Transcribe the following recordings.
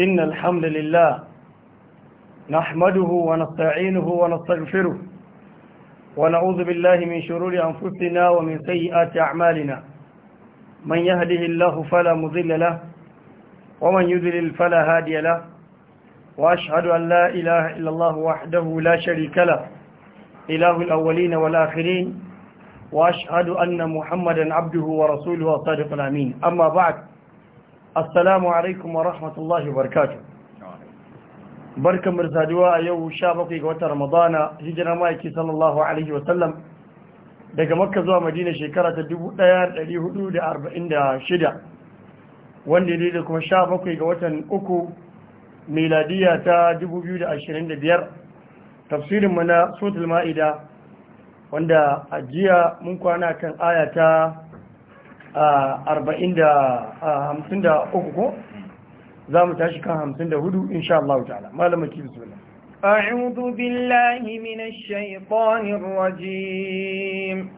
إن الحمد لله نحمده ونستعينه ونستغفره ونعوذ بالله من شرور أنفسنا ومن سيئات أعمالنا من يهده الله فلا مضل له ومن يذلل فلا هادي له وأشهد أن لا إله إلا الله وحده لا شريك له إله الأولين والآخرين وأشهد أن محمدا عبده ورسوله وصادق الأمين أما بعد assalamu alaikum wa rahmatullahi wa barkatu barkan murzaduwa a yau sha bakwai ga watan ramadana hijira ma'aiki sallallahu alaihi wasallam daga makka zuwa madina shekara ta 1446 wanda ne da kuma sha bakwai ga watan uku meladiya ta 2025 tafsirinmu na sotul ma'ida wanda ajiya mun kwana kan aya ta arba'in da hamsin da uku ko za mu tashi kan hamsin da hudu insha Allah ta'ala malama ki bismillah أعوذ بالله من الشيطان الرجيم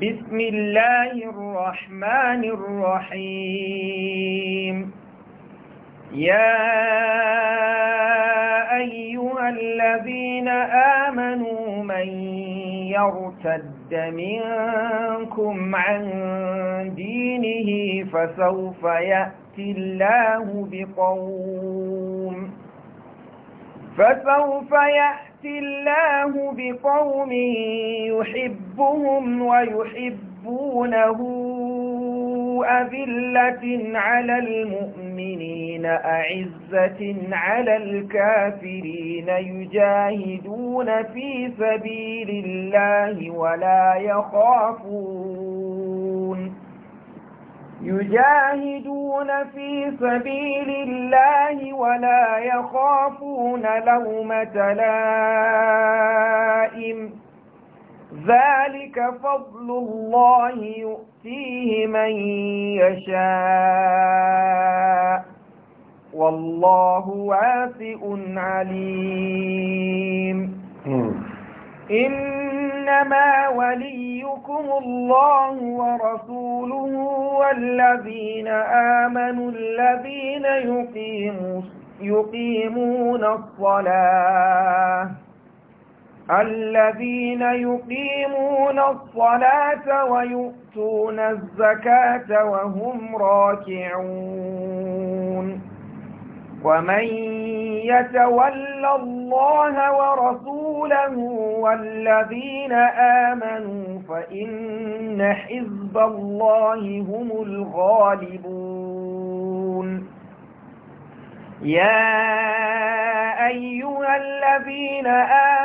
بسم الله الرحمن الرحيم يا أيها الذين آمنوا من يرتد ارتد منكم عن دينه فسوف يأتي الله بقوم فسوف يأتي الله بقوم يحبهم ويحبونه أذلة على المؤمنين أعزة على الكافرين يجاهدون في سبيل الله ولا يخافون يجاهدون في سبيل الله ولا يخافون لومة لائم ذلك فضل الله يؤتيه من يشاء والله واسع عليم إنما وليكم الله ورسوله والذين آمنوا الذين يقيمون الصلاة الذين يقيمون الصلاة ويؤتون الزكاة وهم راكعون ومن يتول الله ورسوله والذين آمنوا فإن حزب الله هم الغالبون يا أيها الذين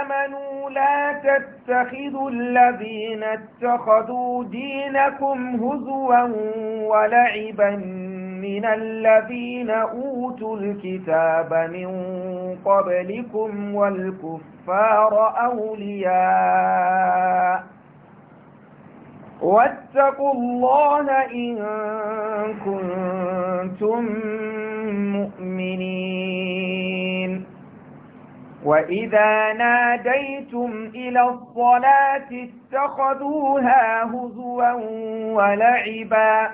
آمنوا لا تتخذوا الذين اتخذوا دينكم هزوا ولعبا من الذين أوتوا الكتاب من قبلكم والكفار أولياء واتقوا الله إن كنتم مؤمنين وإذا ناديتم إلى الصلاة اتخذوها هزوا ولعبا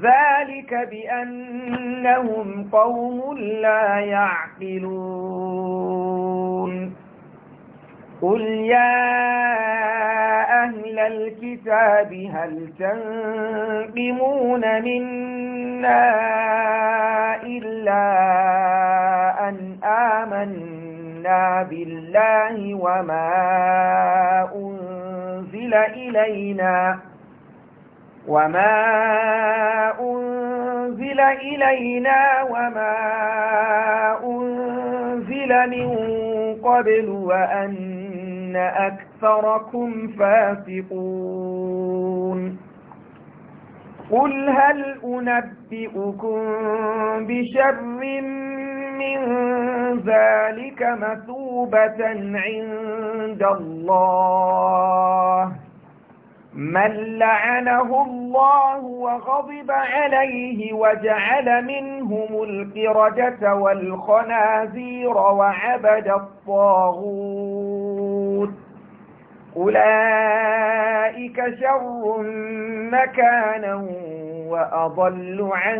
ذلك بأنهم قوم لا يعقلون قل يا أهل الكتاب هل تنقمون منا إلا أن آمنا آمنا بالله وما أنزل إلينا وما أنزل إلينا وما أنزل من قبل وأن أكثركم فاسقون قل هل أنبئكم بشر من ذلك مثوبة عند الله من لعنه الله وغضب عليه وجعل منهم القردة والخنازير وعبد الطاغوت أولئك شر مكانا وأضل عن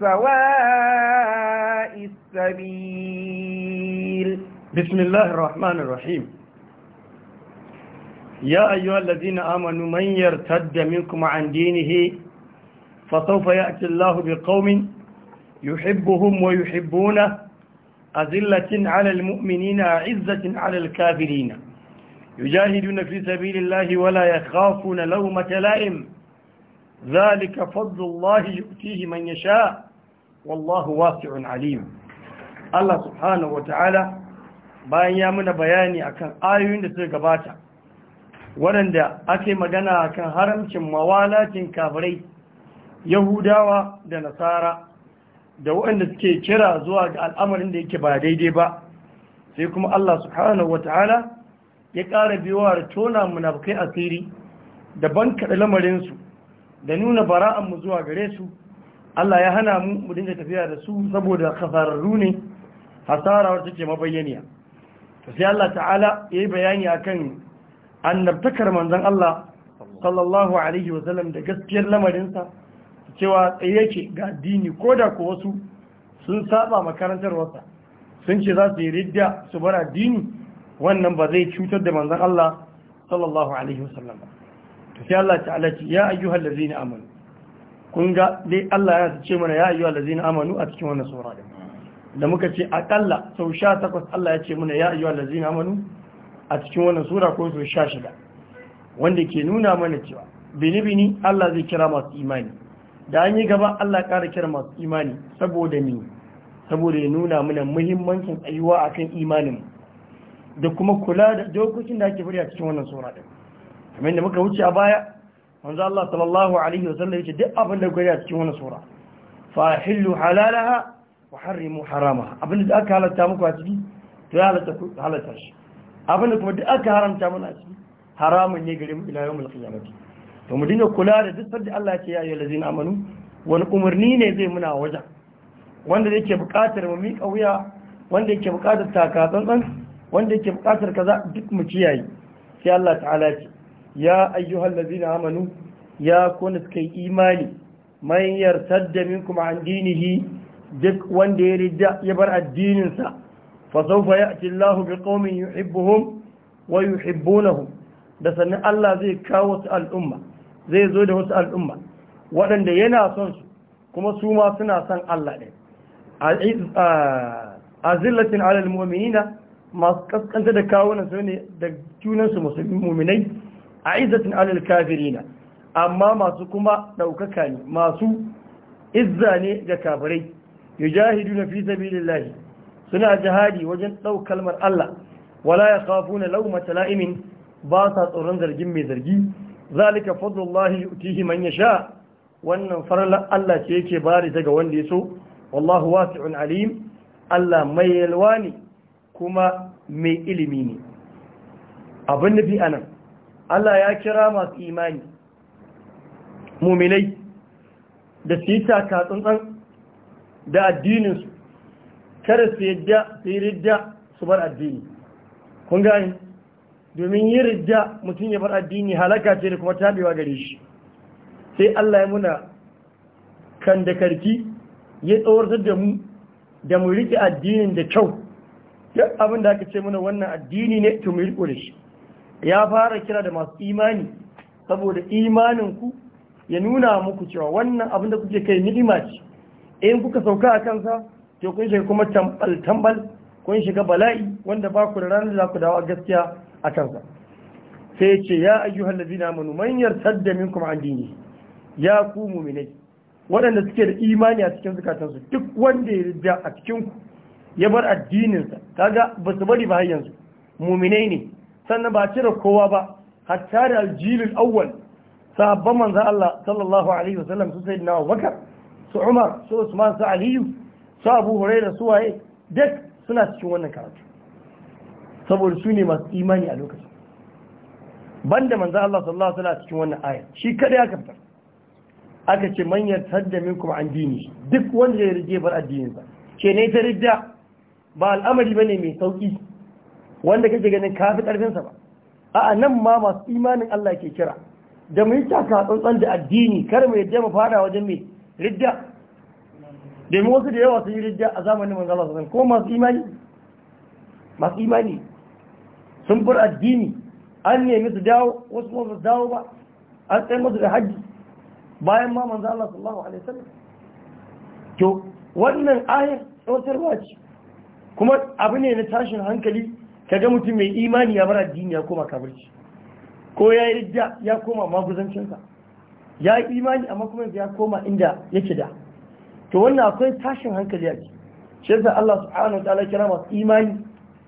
سواء السبيل بسم الله الرحمن الرحيم يا أيها الذين آمنوا من يرتد منكم عن دينه فسوف يأتي الله بقوم يحبهم ويحبونه أذلة على المؤمنين أعزة على الكافرين يجاهدون في سبيل الله ولا يخافون لومة لائم ذلك فضل الله يؤتيه من يشاء والله واسع عليم Allah subhanahu wa ta'ala bayan ya muna bayani akan ayoyin da suka gabata waɗanda ake magana akan haramcin mawalacin kafirai yahudawa da nasara da waɗanda suke kira zuwa ga al'amarin da yake ba daidai ba sai kuma Allah subhanahu wa ta'ala ya ƙara biyuwa da tona munafukai asiri da ban kaɗa lamarinsu da nuna bara'an mu zuwa gare su Allah ya hana mu mu dinga tafiya da su saboda kasararru ne hasara wacce ke mabayyaniya to sai Allah ta'ala yayi bayani akan annabtakar manzon Allah sallallahu alaihi wa sallam da gaskiyar lamarinsa cewa tsaye yake ga addini da ko wasu sun saba makarantar wasa sun ce za su yi ridda su bar addini wannan ba zai cutar da manzan Allah sallallahu alaihi wasallam to sai Allah ta ce ya ayyuhal na amanu kun ga dai Allah ya ce mana ya ayyuhal na amanu a cikin wannan sura da Da muka ce akalla sau 18 Allah ya ce mana ya ayyuhal na amanu a cikin wannan sura ko sau 16 wanda ke nuna mana cewa bini bini Allah zai kira masu imani da an yi gaba Allah ƙara kira masu imani saboda ni saboda ya nuna mana muhimmancin ayyuwa akan imanin mu da kuma kula da dokokin da ake fariya cikin wannan sura ɗin kamar da muka wuce a baya manzo Allah sallallahu alaihi wasallam yace duk abin da gari a cikin wannan sura fa hillu halalaha wa harrimu harama abin da aka halatta muku a ciki to ya halatta ku shi abin da kuma duk aka haramta mana a ciki haramun ne gare mu ila yawmul qiyamati to mu dinga kula da duk sanda Allah ya ce ya ayyuhal ladzina amanu wani umarni ne zai muna wajen wanda yake buƙatar mu miƙa wuya wanda yake buƙatar taka tsantsan wanda yake bukatar kaza duk mu kiyaye sai Allah ta'ala ce ya ayyuhal ladina amanu ya kunu kai imani man yartadda minkum an dinihi duk wanda ya rida ya bar addinin sa fa sawfa ya'ti Allahu biqaumin yuhibbuhum wa yuhibbunahum da sannan Allah zai kawo su al'umma zai zo da wasu al'umma waɗanda yana son su kuma su ma suna son Allah ɗin a zillatin alal mu'minina masu kaskanta da kawunan su ne da junansu musulmi muminai a izzatin alal na. amma masu kuma ɗaukaka ne masu izza ne ga kafirai yujahidu na fi suna jihadi wajen ɗau kalmar Allah wala ya kafu na laumata la'imin ba sa tsoron zargin mai zargi zalika fadlullahi yu'tihi man sha. wannan farlan Allah ce yake bari daga wanda ya so wallahu wasi'un alim Allah mai yalwa ne kuma mai ilimi ne abin nufi a nan Allah ya kira masu imani muminai da su yi takatsantsan da addininsu kada su yi ridda su bar addini kun gani domin yi ridda mutum ya bar addini halaka ce da kuma taɓewa gare shi sai Allah ya muna kan da karki ya tsawartar da mu da mu riƙe addinin da kyau duk abin da aka ce mana wannan addini ne to mu riko da shi ya fara kira da masu imani saboda imanin ku ya nuna muku cewa wannan abin da kuke kai ni'ima ce in kuka sauka a kansa to kun shiga kuma tambal tambal kun shiga bala'i wanda ba ku da ranar za ku dawo gaskiya a kansa sai ce ya ayyuhal ladina amanu man yartadda minkum an dini ya ku mu'minai waɗanda suke da imani a cikin zakatansu duk wanda ya rida a cikin ku ya bar addininsa kaga ba su bari ba har yanzu muminai ne sannan ba cire kowa ba hatta da aljilul awwal sahabban manzon Allah sallallahu alaihi wasallam su sayyidina Abubakar su Umar su Usman su Aliyu su Abu Hurairah su waye duk suna cikin wannan karatu saboda su ne masu imani a lokacin banda manzon Allah sallallahu alaihi wasallam cikin wannan aya shi kada ya kafar aka ce manyan tadda minkum an dini duk wanda ya rige bar addininsa Ke ne ta ridda ba al'amari bane mai sauki wanda kake ganin kafi ƙarfinsa ba a'a nan ma masu imanin Allah ke kira da mu yi taka tsantsan da addini kar mu yadda mu fara wajen mai ridda mu wasu da yawa sun yi ridda a zamanin manzo Allah sallallahu ko masu imani masu imani sun bar addini an nemi su dawo wasu kuma su dawo ba an tsaye musu da haji bayan ma manzo Allah sallallahu alaihi wasallam to wannan ayar tsotarwa ce kuma abu ne na tashin hankali ka ga mutum mai imani ya bar addini ya koma kafirci ko ya yi rijiya ya koma maguzancinsa ya yi imani amma kuma ya koma inda yake da to wannan akwai tashin hankali a ciki shi yasa Allah subhanahu wataala kira masu imani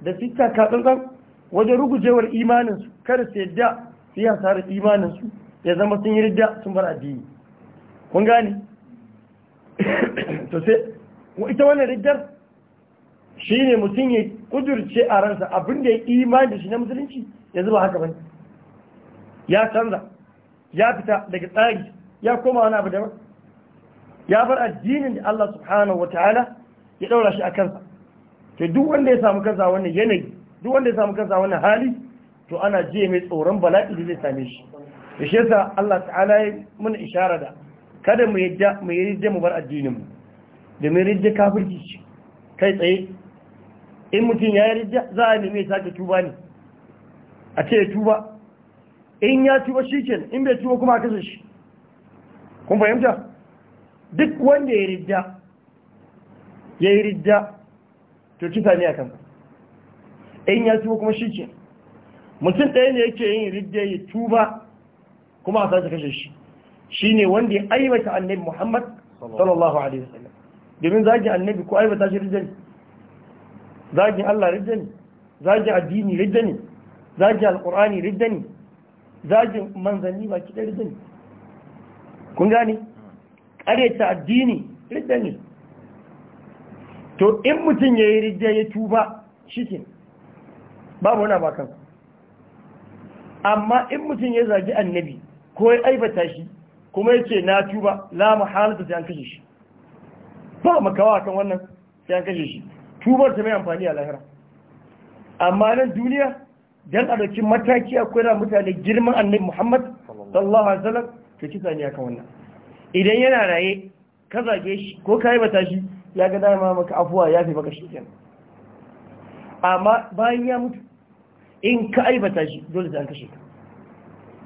da fitta ka tsantsan wajen rugujewar imanin su kada su yadda su yi hasarar imanin ya zama sun yi rijiya sun bar addini kun gane to sai ita wannan rijiyar Shi ne mutum ya kudurce a ransa abinda da ya imani da shi na musulunci ya zuba haka bai ya canza ya fita daga tsari ya koma wani abu daban ya bar addinin da Allah subhanahu wa Ta'ala ya ɗaura shi a kansa to duk wanda ya samu kansa wannan yanayi duk wanda ya samu kansa wannan hali to ana je mai tsoron bala'i da zai same shi da shi yasa Allah ta'ala ya muna ishara da kada mu yadda mu yi mu bar addinin mu da mu yadda kafirci kai tsaye in mutum ya yi za a nemi sake tuba ne a ce tuba in ya tuba shi ke in bai tuba kuma a kasa shi kun fahimta duk wanda ya ridda ya yi ridda to cuta ne a kan in ya tuba kuma shi ke mutum ɗaya ne yake yin ridda ya tuba kuma a sace kashe shi shi ne wanda ya aibata annabi muhammad sallallahu alaihi wasallam domin zagi annabi ko aibata shi ridda ne zagin Allah ridda ne zagin addini ridda ne zagin alkur'ani ridda ne zagin manzanni ba kiɗa ridda ne kun gane ƙareta addini ridda ne to in mutum ya yi ridda ya tuba shi babu wani bakan amma in mutum ya zagi annabi ko ya aibata shi kuma ya ce na tuba la mahalata sai an kashe shi ba makawa kan wannan sai an kashe shi tubar ta mai amfani a lahira amma nan duniya dan a dauki mataki akwai koyar mutane girman annabi Muhammad sallallahu alaihi wasallam ke kisa ne akan wannan idan yana raye ka zage shi ko kai bata shi ya ga dama maka afuwa ya fi baka shikin amma bayan ya mutu in ka aibata shi dole sai an kashe ka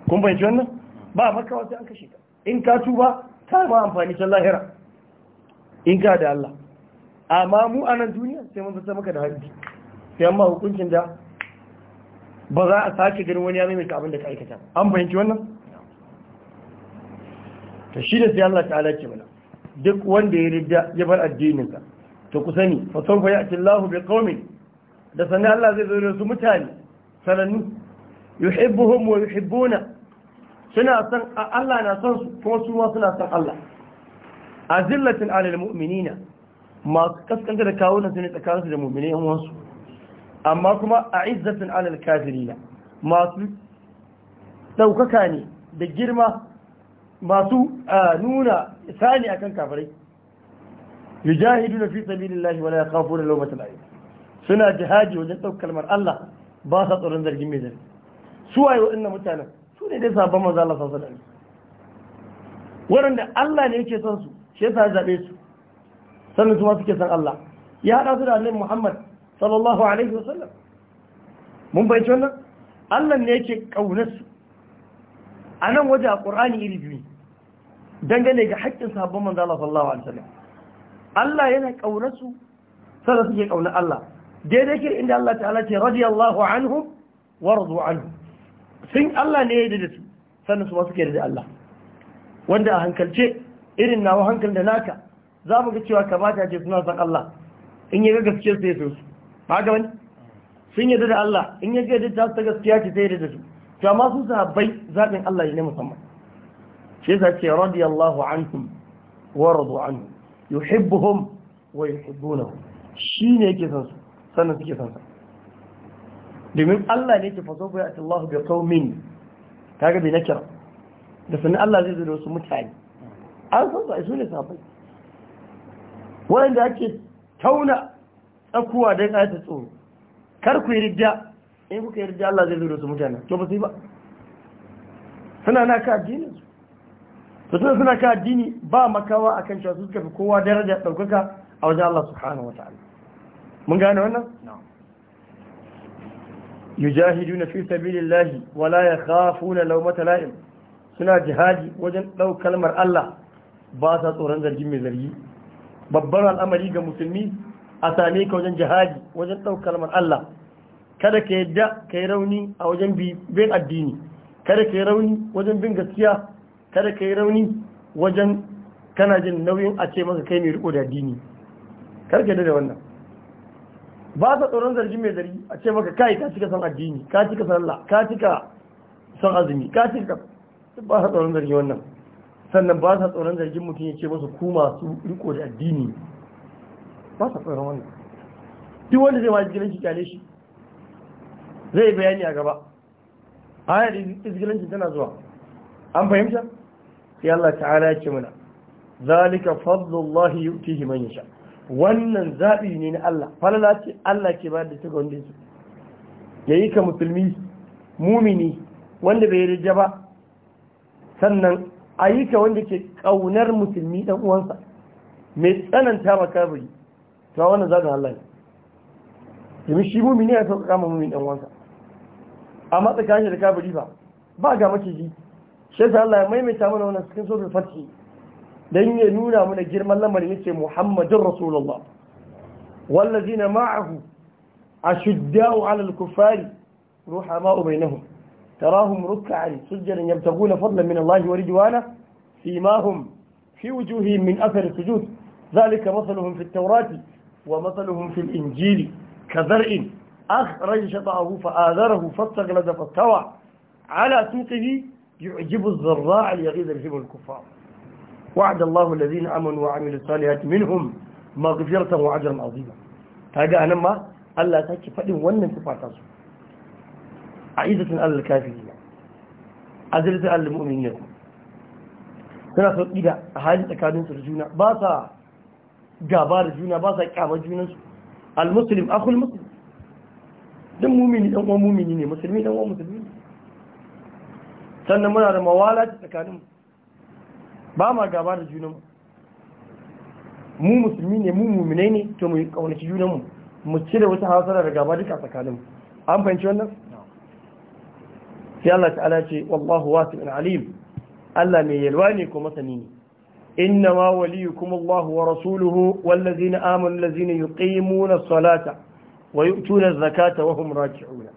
kun bayyana wannan ba maka wata an kashe ka in ka tuba ta ma amfani ta lahira in ka da Allah amma mu a nan duniya sai mun zata maka da hanji sai amma hukuncin da ba za a sake ganin wani ya maimaita abin da ka aikata an fahimci wannan to shi da sai Allah ta'ala ce mana duk wanda ya ridda ya bar addininsa to ku sani fa sawfa ya'ti Allahu bi qaumin da sanin Allah zai zo da su mutane sanannu yuhibbuhum wa yuhibbuna suna san Allah na son su kuma su ma suna san Allah azillatin alal mu'minina masu kaskanta da kawo na su ne tsakaninsu da mummune yan amma kuma a izzatin alal kafirina masu ɗaukaka ne da girma masu nuna sani akan kafirai yujahidu na fi sabilillahi wala kafo da lawmatal ayy suna jihadi wajen ɗaukar kalmar Allah ba sa tsoron zargin mai zargi su waye waɗannan mutanen su ne dai sabon manzo Allah sallallahu alaihi wasallam waɗanda Allah ne yake son su shi yasa zaɓe su sannan su ma suke san Allah ya haɗa su da annabi Muhammad sallallahu alaihi wasallam mun bai wannan Allah ne yake kaunar su a nan waje a Qur'ani iri biyu dangane ga haƙƙin sahabban manzo Allah sallallahu alaihi wasallam Allah yana kaunar su sannan suke kaunar Allah daidai ke inda Allah ta'ala ce radiyallahu anhu wa radu anhu sun Allah ne ya da su sannan su ma suke da Allah wanda a hankalce irin nawa hankalin da naka za mu ga cewa kamata ce suna san Allah in ya ga gaskiyar sai su ba ga wani sun yarda da Allah in ya ga ta ta gaskiya ce sai da su to amma su sahabbai zaɓin Allah ne musamman shi yasa ce radiyallahu anhum wa radu anhu yuhibbuhum wa yuhibbunahu shi ne yake son su sannan suke son sa domin Allah ne ke faso bai ati Allah bi qaumin kaga bi nakira da sanin Allah zai zo da wasu mutane an san su ai su ne sahabbai wanda ake tauna tsakuwa don ayata tsoro kar ku yi ridda in kuka yi rijiya, Allah zai zuru su mutane to ba su yi ba suna na ka addini su tun suna ka addini ba makawa akan cewa su suka fi kowa daraja ɗaukaka a wajen Allah subhanahu wata'ala mun gane wannan yujahiduna fi sabilillahi wala yakhafuna lawmata la'im suna jihadi wajen ɗau kalmar Allah ba sa tsoron zargin mai zargi babban al'amari ga musulmi a same ka wajen jihadi wajen ɗaukar man Allah kada ka yadda ka yi rauni a wajen bin addini kada ka yi rauni wajen bin gaskiya kada ka yi rauni wajen kana jin nauyin a ce maka kai mai riko da addini kar ka da wannan ba ta tsoron zargi mai zargi a ce maka kai ka cika son addini ka cika Allah ka cika son azumi ka cika ba ta tsoron zargi wannan sannan ba sa tsoron zargin mutum ya ce masu ku masu riko da addini ba sa tsoron wani duk wanda zai ma izgilanci kyale shi zai bayani a gaba ayar shi tana zuwa an fahimta sai Allah ta'ala ya ce mana zalika fadlullahi yu'tihi man yasha wannan zaɓi ne na Allah falala ce Allah ke bayar da ga wanda ya yi ka musulmi mumini wanda bai rija ba sannan a yi wanda ke ƙaunar musulmi ɗan uwansa mai tsananta makabari ta wannan zagin Allah ne domin shi mumini ya sauka kama mumin ɗan uwansa amma tsakanin da kabari ba ba ga maciji shi ta Allah ya maimaita mana wannan cikin sotar fatih don ya nuna mana girman lamarin yake muhammadin rasulullah wallazina ma'ahu ashiddaa'u 'alal kufari ruhama'u bainahum تراهم ركعا سجدا يبتغون فضلا من الله ورجوانه فيما هم في وجوههم من أثر السجود ذلك مثلهم في التوراة ومثلهم في الإنجيل كذرء أخرج شطعه فآذره فاستغلد فاستوى على سوقه يعجب الزراع ليغيظ الهم الكفار وعد الله الذين امنوا وعملوا الصالحات منهم مغفرة وعجرا عظيما هذا أنما الله Allah ya sake عزة على الكافرين عزلة على المؤمنين suna sauƙi da a halin tsakaninsu da juna ba sa gaba da juna ba sa ƙyamar junansu al-muslim akwai Musulmi? don mumini dan uwan mumini ne musulmi dan uwan musulmi sannan muna da mawala ta tsakanin ba ma gaba da junanmu mu musulmi ne mu muminai ne to mu kaunaci junanmu mu cire wata hasara da gaba duka tsakaninmu an fahimci wannan sai Allah ce wallahu wasi'un alim Allah mai yalwa ne kuma sani ne inna ma waliyukum Allahu wa rasuluhu wallazina amanu allazina yuqimuna as-salata wa yu'tuna zakata wa hum raji'un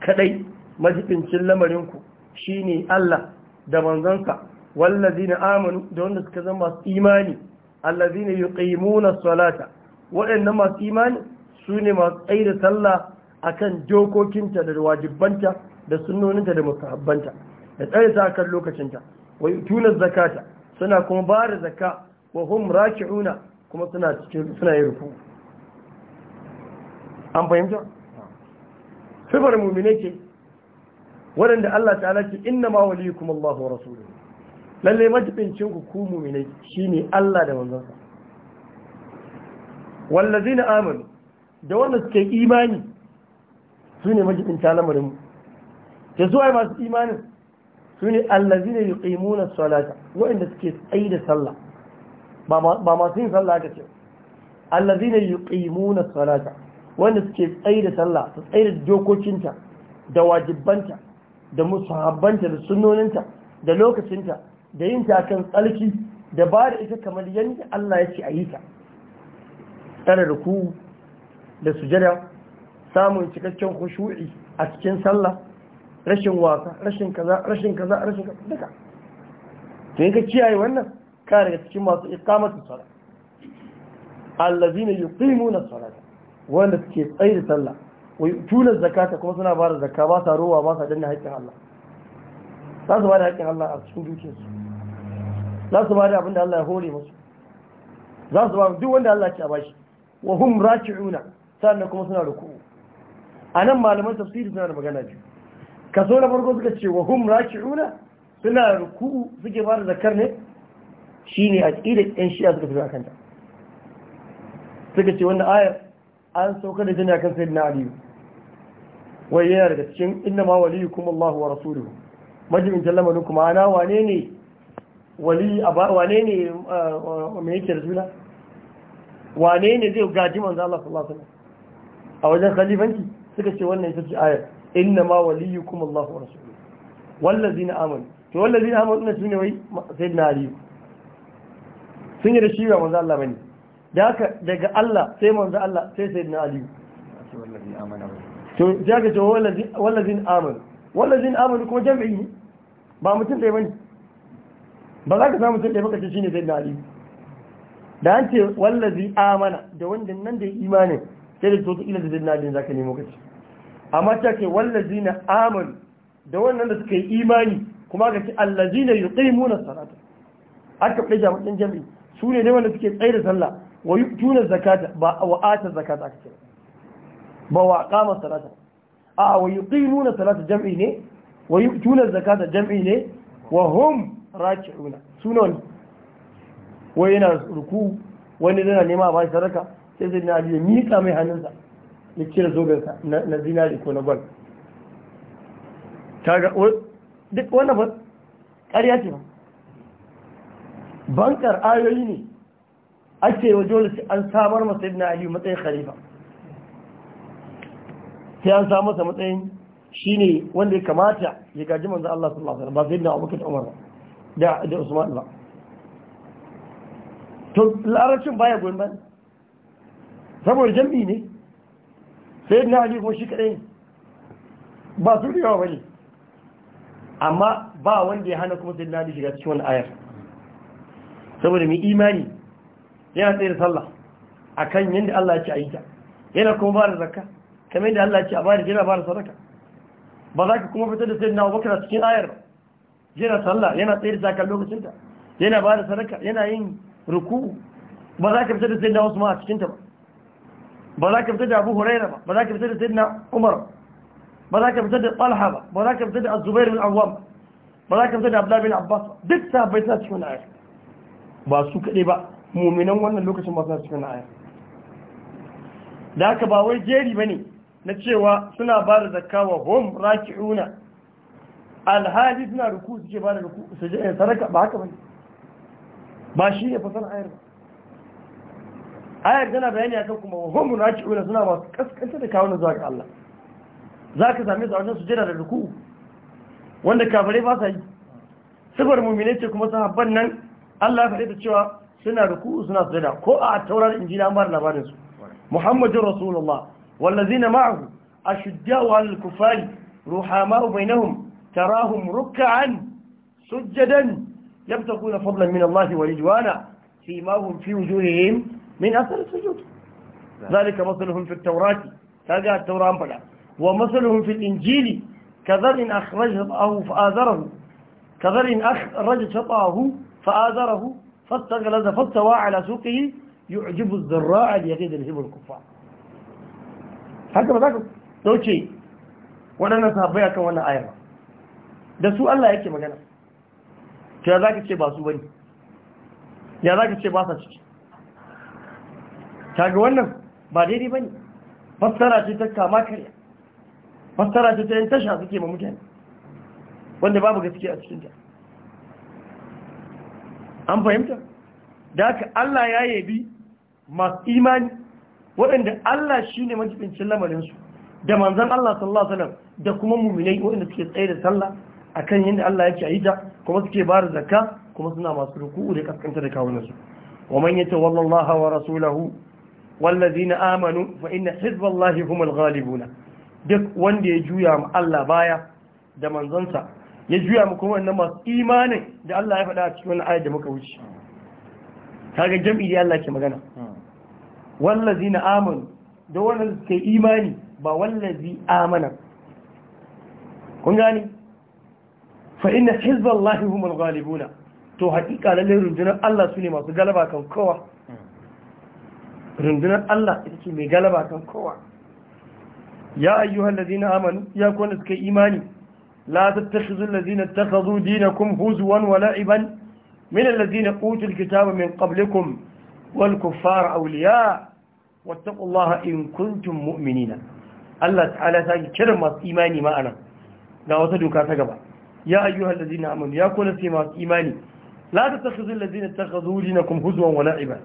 kadai majibin cin lamarin ku shine Allah da manzonka wallazina amanu da wanda suka zama masu imani allazina yuqimuna as-salata waɗannan masu imani sune masu tsayar sallah akan jokokinta da wajibanta. da sunnoninta da musahabbanta da tsare ta kan lokacinta wa yutuna zakata suna kuma ba da zakka wa hum raki'una kuma suna cikin suna yin ruku an fahimta sifar mu'mine ke, waɗanda Allah ta'ala ce inna ma waliyukum Allahu wa rasuluhu lalle majibincin ku ku shi shine Allah da manzonsa wallazina amanu da wanda suke imani su ne majibinta lamarin mu da zuwa masu imanin su ne allazi ne yuqimuna salata wa'anda suke tsayi da sallah ba masu yin sallah aka ce allazi ne yuqimuna salata wanda suke tsayi da sallah su tsayi da dokokinta da wajibanta, da musahabbanta da sunnoninta da lokacinta da yin ta kan tsalki da ba da ita kamar yadda Allah ya ce a yi ta tsara ku da sujada samun cikakken khushu'i a cikin sallah rashin wasa rashin kaza rashin kaza rashin kaza duka to in ka kiyaye wannan ka daga cikin masu iqamatu salat allazina yuqimuna salata wanda suke tsaye sallah wai tuna zakata kuma suna ba da zakka ba sa rowa ba sa danna haƙƙin Allah za su bada haƙƙin Allah a cikin dukiyarsu za su bada abinda Allah ya hore musu za su ba duk wanda Allah ya a bashi wa hum raki'una sannan kuma suna ruku'u anan malaman tafsiri suna da magana biyu kaso na farko suka ce wa hum raki'una suna ruku'u suke fara zakar ne shine aqidar ɗan shi'a suka fito akan ta suka ce wannan ayar an sauka da jini akan sayyidina ali wai yana daga cikin inna ma waliyukum Allah wa rasuluhu majibin jallamanin kuma ana wane ne wali wane ne uh, me yake da suna wane ne zai gaji manzo Allah sallallahu alaihi wasallam a wajen khalifanci suka ce wannan ita ce ayar inna ma waliyukum Allahu wa rasuluhu wallazina amanu to wallazina amanu ne sune wai sayyidina Ali sun yi da shi wa manzo Allah bane da haka daga Allah sai manzo Allah sai sayyidina Ali to sai ka ce wallazina amanu wallazina amanu kuma jami'i ne ba mutum ɗaya bane ba za ka samu mutum ɗaya baka ce shine sayyidina Ali da an ce wallazi amana da wanda nan da imanin sai da to ila da sayyidina Ali zaka nemo kace amma ta ce na amanu da wannan da suka yi imani kuma ga ce allazina yuqimuna salata aka fada jami'in jami'in su ne ne wanda suke tsaye da sallah wa yi tunan zakata ba wa ata zakata aka ce ba wa kama sarata a wa yi yuqimuna sarata jami'i ne wa yi tunan zakata jami'i ne wa hum ne wani wani yana ruku wani yana nema ba shi sadaka sai sai na ali ya miƙa mai hannunsa ya cire zobensa na zinari ko na gwal kaga duk wannan ba ƙarya ce ba bankar ayoyi ne ake wa dole sai an samar masa na ayyu matsayin khalifa sai an samar masa matsayin shine wanda ya kamata ya gaji manzan Allah sallallahu alaihi wasallam ba sayyidina Abubakar Umar da da Usman ba to larabcin baya goyon ba saboda jam'i ne sai na ali kuma shi kadai ba su riwa wani amma ba wanda ya hana kuma sai na ali shiga cikin wani ayar saboda mai imani yana tsaye da sallah akan yadda Allah ya ce a yi ta yana kuma ba da zarka kamar yadda Allah ya ce a bayar yana ba da sadaka ba za ka kuma fitar da sai na abubakar cikin ayar ba yana sallah yana tsaye da zakar lokacinta yana ba da sadaka yana yin ruku ba za ka fitar da sai na wasu ma a cikinta ba ba za ka fitar da abu huraira ba ba za ka fitar da sayyidina umar ba za ka fitar da talha ba ba za ka fitar da azubair bin awwam ba za ka fitar da abdullahi bin abbas duk sahabbai suna cikin ayar ba su kaɗai ba muminan wannan lokacin ba suna cikin ayar da haka ba wai jeri ba ne na cewa suna ba da zakka wa hom raki'una alhali suna ruku suke ba da ruku su je eh, saraka ba haka ba ne ba shi ya fasar ayar ba ayar tana bayani akan kuma wahum munafiquna suna masu kaskanta da kawunan zuwa ga Allah zaka same su a wajen sujada da ruku'u wanda kafirai ba sa yi sifar mu'mine ce kuma sahabban nan Allah ya faɗi cewa suna ruku'u suna sujada ko a taurar injina mara labarin su muhammadur rasulullah wallazina ma'ahu wa 'alal kufari ruhama'u bainahum tarahum ruk'an sujjadan kuna fadlan min Allah wa ridwana fima hum fi wujuhihim من أثر السجود نعم. ذلك مثلهم في التوراة تلقى التوراة أنبلا ومثلهم في الإنجيل كذر أخرج شطأه فآذره كذر أخرج شطأه فآذره فاستغلظ فاستوى على سوقه يعجب الزراع ليغيظ الهب الكفار هكذا ba za ka dauce waɗannan sahabbai akan wannan ayar ba da su الشيء yake magana الشيء ya za ka kaga wannan ba daidai ne fassara ce ta kama karya fassara ce ta yin tasha suke ma mutane wanda babu gaske a cikin ta an fahimta da haka Allah ya yabi masu imani waɗanda Allah shi ne majibincin lamarinsu da manzan Allah sallallahu Alaihi wasallam da kuma muminai waɗanda suke tsaye da sallah a kan yadda Allah ya ce a yi ta kuma suke ba da zakka kuma suna masu ruku'u da kaskanta da kawunansu wa man yace wallallaha wa rasulahu والذين آمنوا فإن حزب الله هم الغالبون duk wanda ya juya mu Allah baya da manzansa ya juya mu kuma wannan masu imanin da Allah ya faɗa a cikin wannan ayat da muka wuce kaga jami'i da Allah ke magana wallazina amanu da wannan suke imani ba wallazi amana kun gani fa inna hizballahi humul ghalibuna to haƙiƙa lalle rundunar Allah su ne masu galaba kan kowa rundunar Allah ita ce mai galaba kan kowa ya ayyuhal ladina amanu ya kuwa suka yi imani la tattakhizu alladhina ittakhadhu dinakum huzwan wa la'iban min alladhina utul kitabu min qablikum wal kuffara wata wattaqullaha in kuntum mu'minina Allah ta'ala ta yi kiran masu imani ma'ana ga wata doka ta gaba ya ayyuhal ladina amanu ya kuwa sai masu imani la tattakhizu alladhina ittakhadhu dinakum huzwan wa la'iban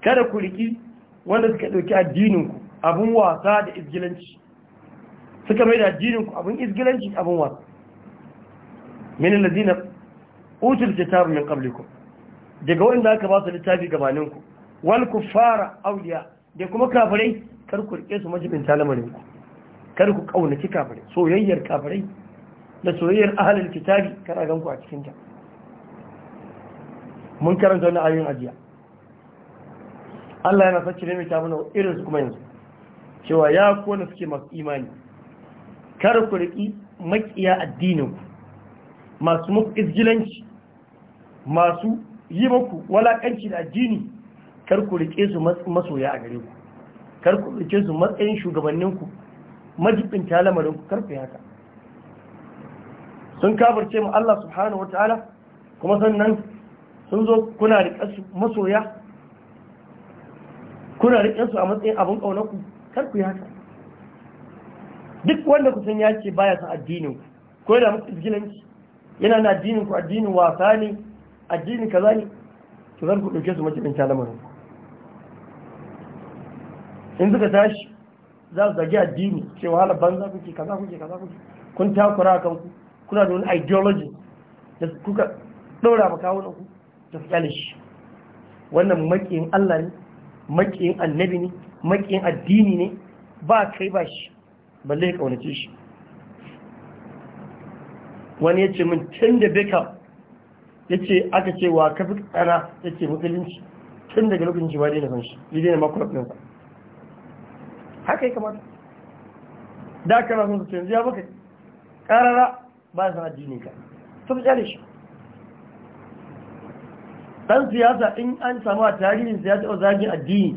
kada ku riki wanda suka ɗauki addininku abin wasa da izgilanci suka mai da addininku abin izgilanci abin wasa min allazina utul kitab min qablikum daga wanda aka ba su littafi gabaninku wal fara awliya da kuma kafirai kar ku rike su majibin talamarinku kar ku kaunaci kafirai soyayyar kafirai da soyayyar ahlul kitabi kana ganku a cikin ta mun karanta wannan ayoyin ajiya Allah yana son cire mita mana irin su kuma yanzu cewa ya kona suke masu imani kar ku riki makiya addinin ku masu muku izgilanci masu yi muku walakanci da addini kar ku rike su masoya a gare ku kar ku rike su matsayin shugabannin ku majibin talamarin ku karfe haka sun kafirce mu Allah subhanahu wataala kuma sannan sun zo kuna rike masoya kuna riƙe su a matsayin abin ƙaunar ku kar ku yi haka duk wanda ku san ya ce baya sa addinin ku ko yana muku izgilanci yana na addinin ku addinin wasa ne addinin kaza ne to zan ku dauke su majalin lamarin ku in suka tashi za su zagi addini ce wahala banza kuke kaza kuke kaza kuke kun takura kan ku kuna da wani ideology da kuka ɗora ma kawo ku ta fi shi wannan makiyin Allah ne makiyin annabi ne makiyin addini ne ba kai ba shi balle ya kaunace shi wani ya ce min tun da Beckham ya ce aka ce wa kafi kana ya ce musulunci tun daga lokacin shi ba daina san shi ya daina makon ɗinsa haka ya kamata da aka na su ce yanzu ya baka ƙarara ba san addini ka sun tsare shi ɗan siyasa in an samu a tarihin siyasa a zagin addini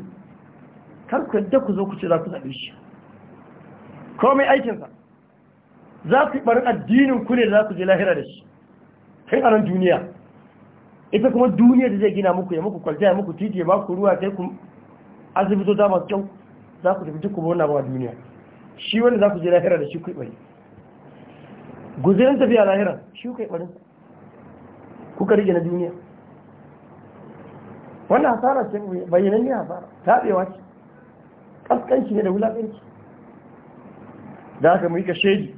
kar ku da ku zo ku ce za ku zaɓe shi komai aikinsa za ku ɓarin addinin ku ne da za ku je lahira da shi kai a nan duniya ita kuma duniya da zai gina muku ya muku kwalta ya muku titi ya baku ruwa sai ku asibitota masu kyau za ku tafi duk wannan ba duniya shi wanda za ku je lahira da shi ku ɓari guzirin tafiya lahira shi ku ɓarin kuka rige na duniya wannan hasara ce bayanan ne hasara taɓewa ce ƙasƙanci ne da wulaƙanci da aka mu shaidi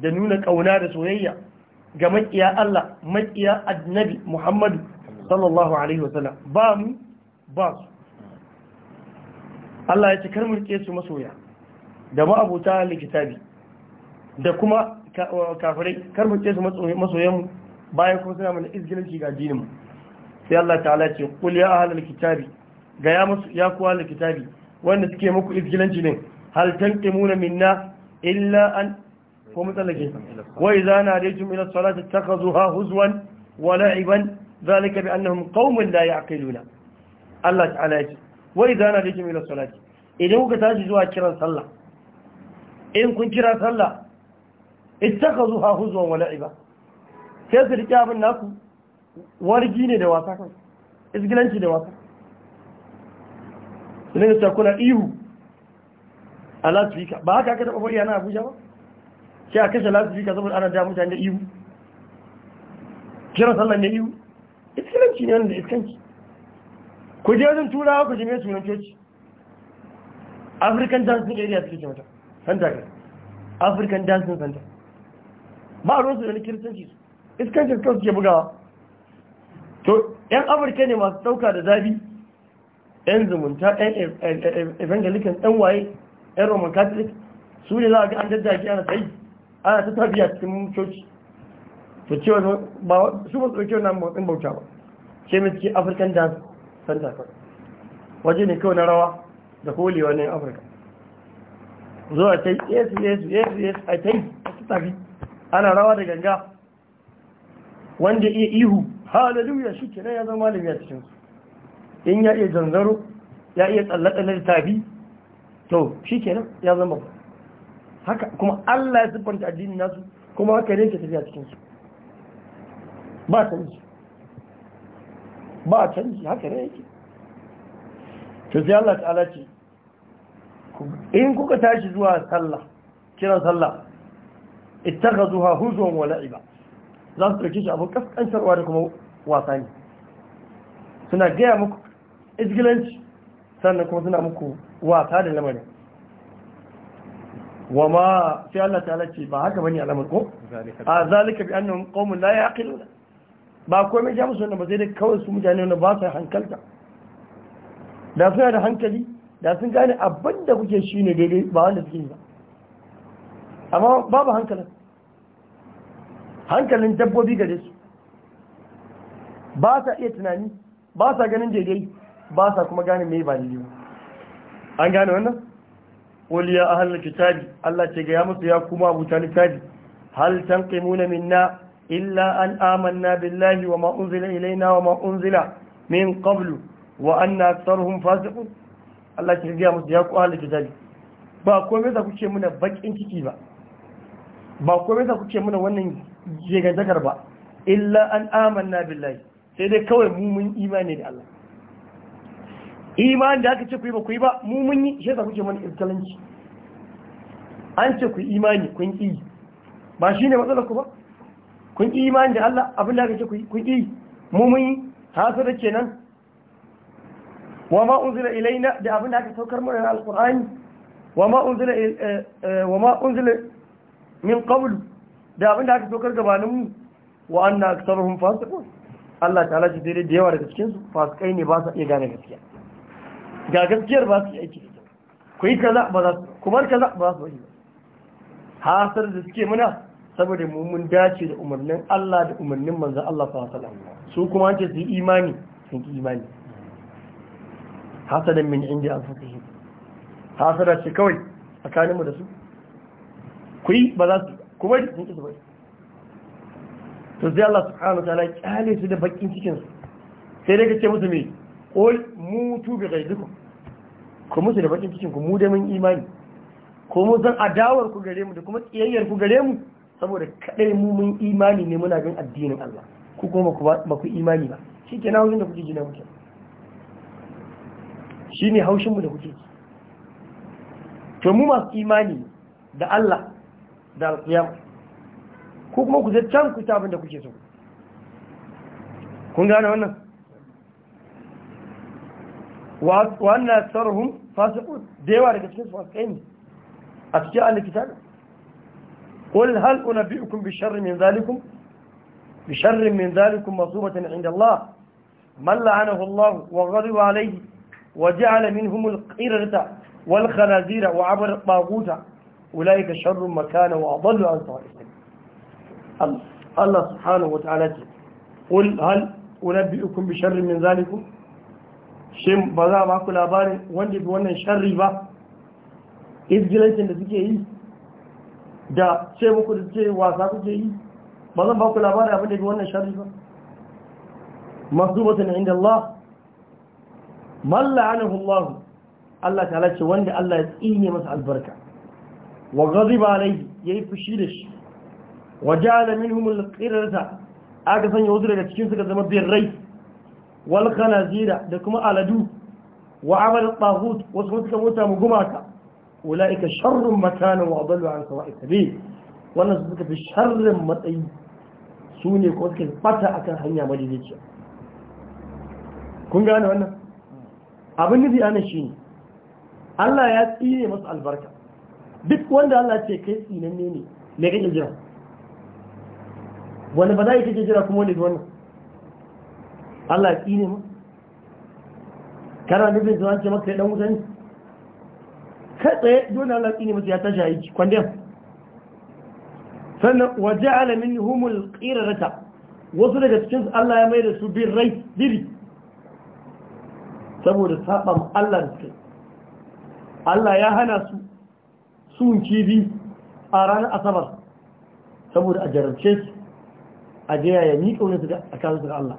da nuna ƙauna da soyayya ga maƙiya Allah maƙiya annabi Muhammadu sallallahu alaihi wasallam ba mu ba su Allah ya ce karmar su masoya da ma'abuta likitabi da kuma kafirai karmar mu su masoyan mu bayan kuma suna mana izgilanci ga addinin mu sai Allah ta'ala ce kul ya ahlal kitabi ga ya musu ya ku ahlal kitabi wanda suke muku izgilanci ne hal tanqimuna minna illa an ko mutalake wa idza nadaytum ila salati takhazuha huzwan wa la'iban zalika bi annahum qaumun la ya'qiluna Allah ta'ala ya ce wa idza nadaytum ila salati idan kuka tashi zuwa kiran sallah in kun kira sallah ittakhazuha huzwan wa la'iba sai su rike abin naku wargi ne da wasa kan izgilanci da wasa sunan da kuna ihu a lasifika ba haka aka taɓa faɗi na abuja ba sai a kashe lasifika saboda ana da mutane da ihu kira sallan da ihu iskanci ne wanda iskanci ku je wajen turawa ku jime sunan coci african dancing area suke ke mata santa ga african dancing santa ba a ruwan su da na kiristanci su iskanci suka suke bugawa to yan afirka ne masu ɗauka da zabi yan zumunta yan e, e, e, evangelican yan waye yan roman catholic su ne za a ga an daddaki ana tsayi ana ta tafiya cikin coci to cewa su ba su ɗauki wannan motsin bauta ba ce mai cikin african dance center kawai waje ne kawai na rawa da wani na afirka zo a yi yesu yesu yesu yesu a ta a ta tafi ana rawa da ganga wanda iya ihu hallelujah shi nan ya zama malami a cikin su in ya iya zanzaro ya iya tsalle-tsalle littafi to shi kenan ya zama haka kuma Allah ya siffanta addinin nasu kuma haka ne ke tafiya cikin su ba canji ba canji haka ne yake to sai Allah ta'ala ce in kuka tashi zuwa sallah kiran sallah ittakhadhuha huzwan wa la'iba za su ɗauke shi abin kaskantarwa da kuma wasa ne suna gaya muku izgilanci sannan kuma suna muku wasa da lamarin wa ma sai Allah ta'ala ce ba haka bane lamar ko a zalika bi annahum ya la yaqiluna ba komai ja musu wanda ba zai dai kawai su mutane wanda ba su hankalta da suna da hankali da sun gane abin da kuke ne daidai ba wanda suke yi ba amma babu hankalin hankalin dabbobi gare su ba sa iya tunani ba sa ganin daidai ba sa kuma gane mai ba daidai an gane wannan waliya a halar kitabi Allah ce ga ya musu ya kuma abuta littafi hal kaimuna minna illa an amanna billahi wa ma'unzila ilaina wa ma'unzila min qablu wa anna tsarhun fasiqun Allah ce gaya musu ya kuma halar kitabi ba za ku kuke muna bakin ciki ba ba za ku kuke muna wannan jigantakar ba illa an amanna billahi sai dai kawai mu imani da Allah imani da aka ce ku yi ba ku yi ba mu yi shi yasa kuke mani irkalanci an ce ku imani kun ƙi ba shine matsalar ku ba kun ƙi imani da Allah abin da aka ce ku ki mu hasu da ke kenan wa ma unzila ilaina da abin da aka saukar mana na alqur'ani wa ma eh, eh, wa ma unzila min qablu da abinda aka saukar gabanin mu wa anna aktsaruhum fasiqun Allah ta'ala ji dai da yawa daga cikin su fasikai ne ba su iya gane gaskiya ga gaskiyar ba su yi aiki ku yi kaza ba za su ku bar kaza ba su yi hasar da suke muna saboda mu mun dace da umarnin Allah da umarnin manza Allah sallallahu alaihi wasallam su kuma an ce su yi imani sun ki imani hasadan min indi anfusihim hasara ce kawai tsakaninmu da su ku yi ba za su Kuma da sun ƙi su to sai Allah subhanahu wa ta'ala kyale su da bakin cikin su sai dai kace musu me qul mutu bi ghaizikum ku musu da bakin cikin ku mu da mun imani ko mu san adawar ku gare mu da kuma tsiyayyar ku gare mu saboda kadai mu mun imani ne muna bin addinin Allah ku kuma ba ku imani ba shikenan haushin da kuke ji na muke shine haushin mu da kuke to mu masu imani da Allah da alkiyar ko kuma ku zaccan ku tabin da kuke so kun gane wannan wannan tsarhun fasikun da yawa daga cikin fasikai ne a cikin alifitar ƙul halƙuna biyukun bisharri min zalikun bisharri min zalikun masu batin inda Allah mallahanahu Allah wa gariwa alaihi wa ji'ala min humul ƙirarta wal khanazira wa abar ɓaguta ulaika sharrun makana wa adallu an sawa'i sabil Allah subhanahu wa ta'ala ce qul hal unabbi'ukum bi sharrin min zalikum shin ba za ba ku labarin wanda bi wannan sharri ba izgilancin da suke yi da ce muku da suke wasa kuke yi ba zan ba ku labarin abin da bi wannan sharri ba masubatan inda Allah man la'anahu Allah Allah ta'ala ce wanda Allah ya tsine masa albarka wa ghadiba alayhi yayi fushi da shi wa ja'ala minhum al-qirrata aka sanya wasu daga cikin su ga zama birrai wal khanazira da kuma aladu wa amal tahut wasu kuma suka mota mu gumaka ulaika sharrun makanan wa adallu an sawa'i sabil wannan su suka fi sharrin matsayi su ne fata akan hanya madidiciya kun gane wannan abin nufi Allah ya tsine masu albarka duk wanda Allah ce kai tsinanne ne mai kake jira wani ba za yi kake jira kuma wani wannan Allah ya tsine ma kana nufin zuwa ce maka dan wuta ne kai tsaye dole Allah ya tsine masa ya tashi yi, kwandiyar sannan waje alamin humul ƙirarata wasu daga cikin Allah ya mai da su bin rai biri saboda saɓan Allah da su Allah ya hana su sun kibi a ranar asabar saboda a jarabce su a je yaya ni kaunar su a kasu su ga Allah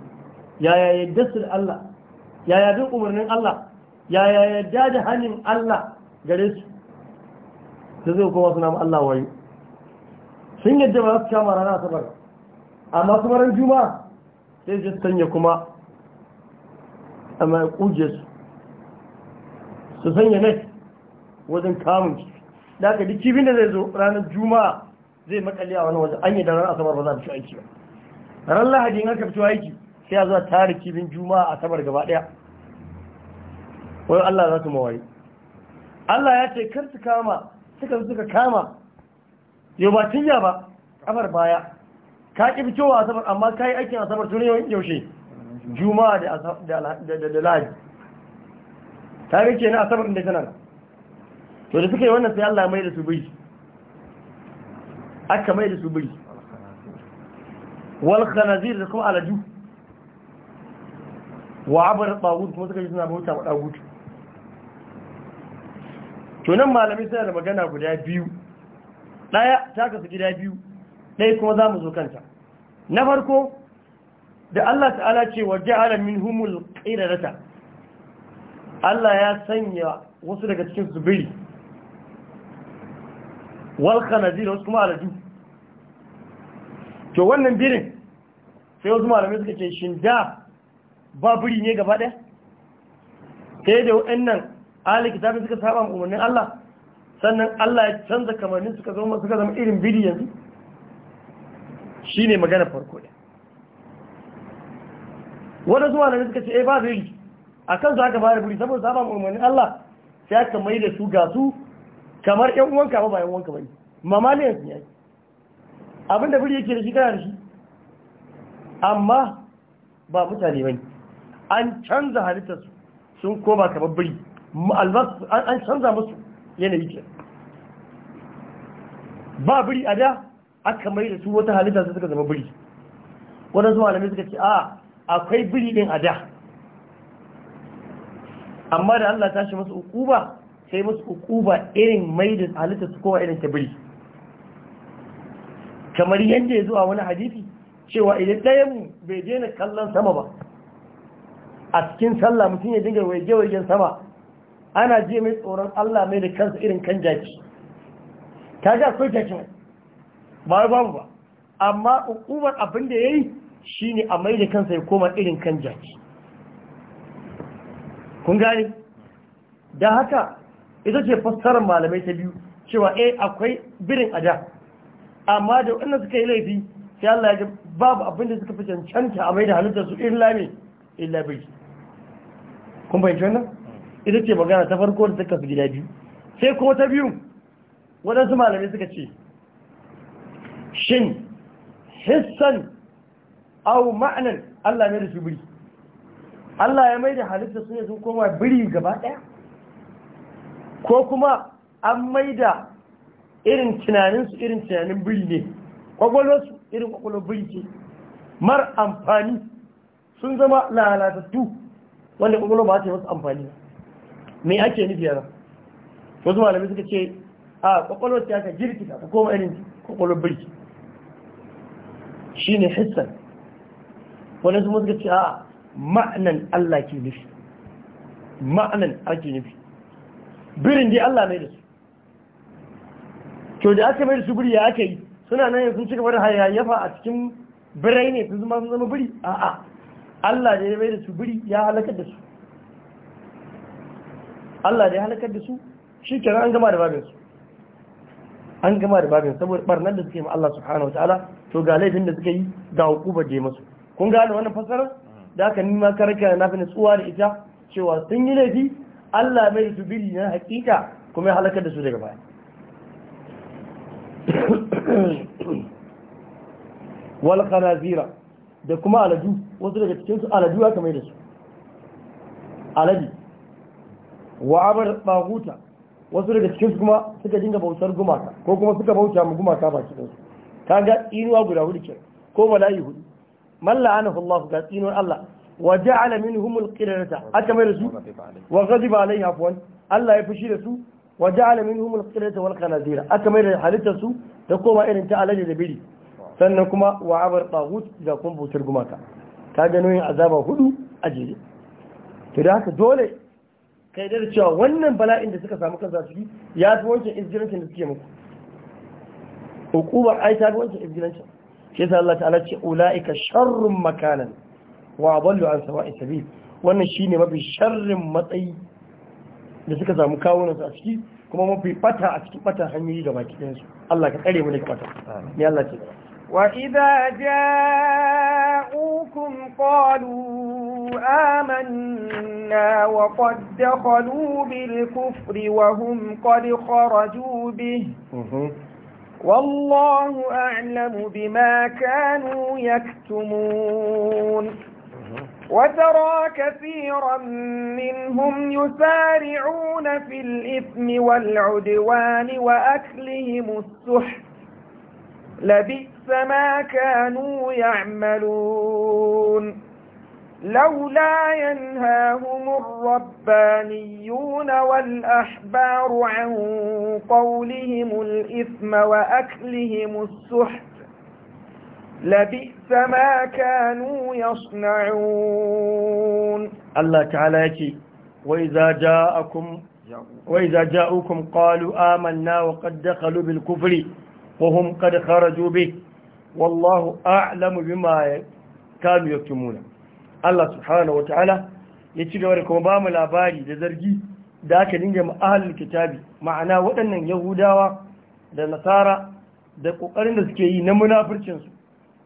yaya yadda su da Allah yaya bin umarnin Allah yaya yadda da hannun Allah gare su su zai kuma suna ma Allah wayo sun yadda ba su kama ranar asabar amma kuma ran juma'a sai su sanya kuma a mai kuje su su sanya ne wajen kamun shi da aka duk kifin da zai zo ranar juma'a zai makale a wani wajen an yi da ranar asabar ba za a fito aiki ba Ranar lahadi in aka fito aiki sai a zuwa tare kifin juma'a asabar gaba daya wai Allah za su mawaye Allah ya ce kar su kama suka suka kama yau ba tinya ba kafar baya ka ki fitowa asabar amma ka yi aikin asabar tun yaushe juma'a da lahadi ta ke na asabar da tana to da suka yi wannan sai Allah mai da su biri aka mai da su biri wal khanazir da kuma alaju wa abar tagut kuma suka yi suna bauta wa tagut to nan malami suna da magana guda biyu daya ta su gida biyu ɗaya kuma za mu zo kanta na farko da Allah ta'ala ce wa ja'ala minhumul qiradata Allah ya sanya wasu daga cikin zubiri wal khanazir wasu kuma aladu to wannan birin sai wasu malamai suka ce shin da baburi ne gaba ɗaya sai da waɗannan ahli kitabin suka saba umarnin Allah sannan Allah ya canza kamannin suka zama suka zama irin biri yanzu shine magana farko ɗaya wanda zuwa da suka ce eh ba biri akan su aka bari biri saboda saba umarnin Allah sai aka mai da su ga su kamar yan uwanka ba ba yan uwanka bane mamaliyan su ya abin da biri yake da shi kana da shi amma ba mutane bane an canza halittar su sun koma kamar biri an canza musu yanayi ke ba biri a da aka mai da su wata halitta su suka zama biri zuwa malamai suka ce a akwai biri din a da amma da Allah ta shi masu uku ba kai masu hukuba irin maidin halitta su kowa irin tabiri kamar yadda ya zuwa wani hadithi cewa idan ɗayan bai daina kallon sama ba a cikin sallah mutum ya dinga waje-wajen sama ana je mai tsoron Allah mai da kansa irin kan jaki ta ga kai jaki ba ba ba amma hukumar abin da ya yi shi ne a mai da kansa ya koma irin kan jaki kun gani da haka ita ce fassarar malamai ta biyu cewa eh akwai birin a da. amma da wannan suka yi laifi sai Allah ya ga babu abin suka fi cancanta a mai da halittar su illa me illa bai kun fahimci ita ce magana ta farko da suka fi gida biyu sai kuma ta biyu wadansu malamai suka ce shin hissan au ma'anar Allah mai da su biri Allah ya mai da halitta su ne sun koma biri gaba ɗaya ko kuma an maida irin tunaninsu irin tunanin biri ne kwakwalwarsu irin kwakwalwar biri ce mar amfani sun zama lalatattu wanda kwakwalwar ba ta yi wasu amfani me ake nufi yana wasu malamai suka ce a kwakwalwar ta ka girki ta koma irin kwakwalwar biri shi ne Hissar. wani su suka ce a ma'anan Allah ke nufi ma'anan ake nufi birin dai Allah mai da su to da aka mai da su biri ya aka yi suna nan sun ci gaba ya hayayyafa a cikin birai ne sun zama sun zama biri a'a Allah da ya mai da su biri ya halakar da su Allah da ya halakar da su shi kenan an gama da babinsu an gama da babin saboda barnar da suke ma Allah subhanahu wataala to ga laifin da suka yi ga da je musu kun gane wannan fasarar da aka nima karaka na fi nutsuwa da ita cewa sun yi laifi Allah mai su biri na hakika kuma ya halakar da su daga baya wal qanazira da kuma aladu wasu daga cikin su aladu aka mai da su aladi wa abar baguta wasu daga cikin su kuma suka dinga bautar gumaka ko kuma suka bauta mu gumaka ba cikin su kaga inuwa guda hudu ke ko mala'i hudu malla anahu Allah ga tsinon Allah وجعل منهم القردة أتمر سو وغضب عليه عفوا الله يفشي سو وجعل منهم القردة والخنازير أتمر حالته سو تقوم إن تعالى لبيلي سنكما وعبر طاغوت إذا كن بوتر جماكا كاجنوين عذاب هدو أجري فذاك دولة kai da cewa wannan bala'in da suka samu kansa ciki ya fi wancan izgirancin da suke muku hukumar ai ta fi wancan izgirancin shi yasa Allah ta'ala ce ula'ika sharrun makanan wa adallu an sawa'i sabil wannan shine mafi sharrin matsayi da suka samu kawunansu a ciki kuma mafi fata a cikin fata hanyoyi ga baki ɗayansu Allah ka kare mu daga fata ne Allah ce wa idza ja'ukum qalu amanna wa qad dakhalu bil kufri wa hum qad kharaju bihi والله أعلم بما كانوا يكتمون وترى كثيرا منهم يسارعون في الإثم والعدوان وأكلهم السحت لبئس ما كانوا يعملون لولا ينهاهم الربانيون والأحبار عن قولهم الإثم وأكلهم السحت لبئس ما كانوا يصنعون الله تعالى يكي وإذا جاءكم وإذا جاءوكم قالوا آمنا وقد دخلوا بالكفر وهم قد خرجوا به والله أعلم بما كانوا يكتمون الله سبحانه وتعالى yaci gaba da kuma ba mu labari da zargi da aka dinga ma'ahalin kitabi ma'ana waɗannan yahudawa da nasara da ƙoƙarin da suke yi na munafircinsu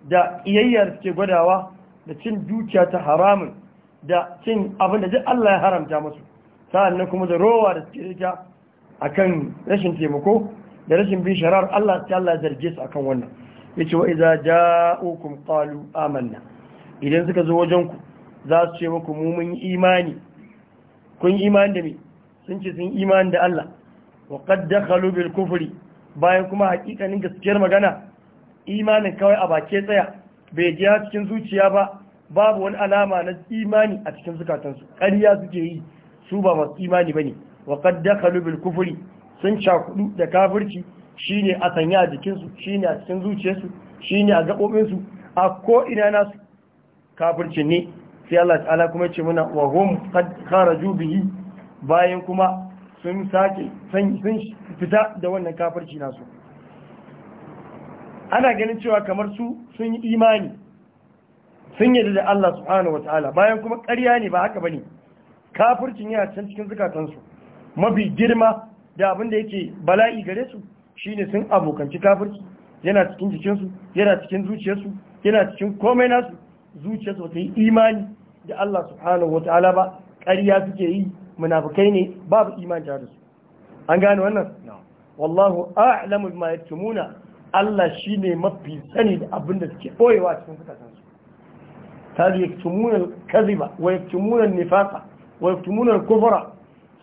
da iyayya da suke gwadawa da cin dukiya ta haramun da cin abin da Allah ya haramta musu sa'annan kuma da rowa da suke rika kan rashin taimako da rashin bin sharar Allah ta Allah zarge su akan wannan yace wa idza ja'ukum qalu amanna idan suka zo wajen ku za su ce muku mu mun imani kun imani da me sun ce sun imani da Allah wa qad dakhalu bil kufri bayan kuma hakikanin gaskiyar magana imanin kawai a bake tsaya bai jiya cikin zuciya ba babu wani alama na imani a cikin zukatansu ƙarya suke yi su ba masu imani ba ne wa kadda kalubil kufuri sun cakudu da kafirci ne a sanya a jikinsu shi ne a cikin zuciyarsu shi ne a gaɓoɓinsu a ko'ina nasu kafirci ne sai Allah ta'ala kuma ce muna wa hum kara jubihi bayan kuma sun sake sun fita da wannan kafirci nasu ana ganin cewa kamar su sun yi imani sun yi da Allah subhanahu wa ta'ala bayan kuma ƙarya ne ba haka bane kafircin yana can cikin zukatansu mafi girma da abin da yake bala'i gare su shine sun abokanci kafirci yana cikin jikinsu yana cikin zuciyarsu yana cikin komai nasu zuciyarsu ta yi imani da Allah subhanahu wa ta'ala ba ƙarya suke yi munafukai ne babu imani tare da su an gane wannan wallahu a'lamu bima yaktumuna Allah shi ne mafi sani da abin da suke ɓoyewa cikin zukatansu ta da yaktumuna kaziba wa yaktumuna nifasa wa yaktumuna kufra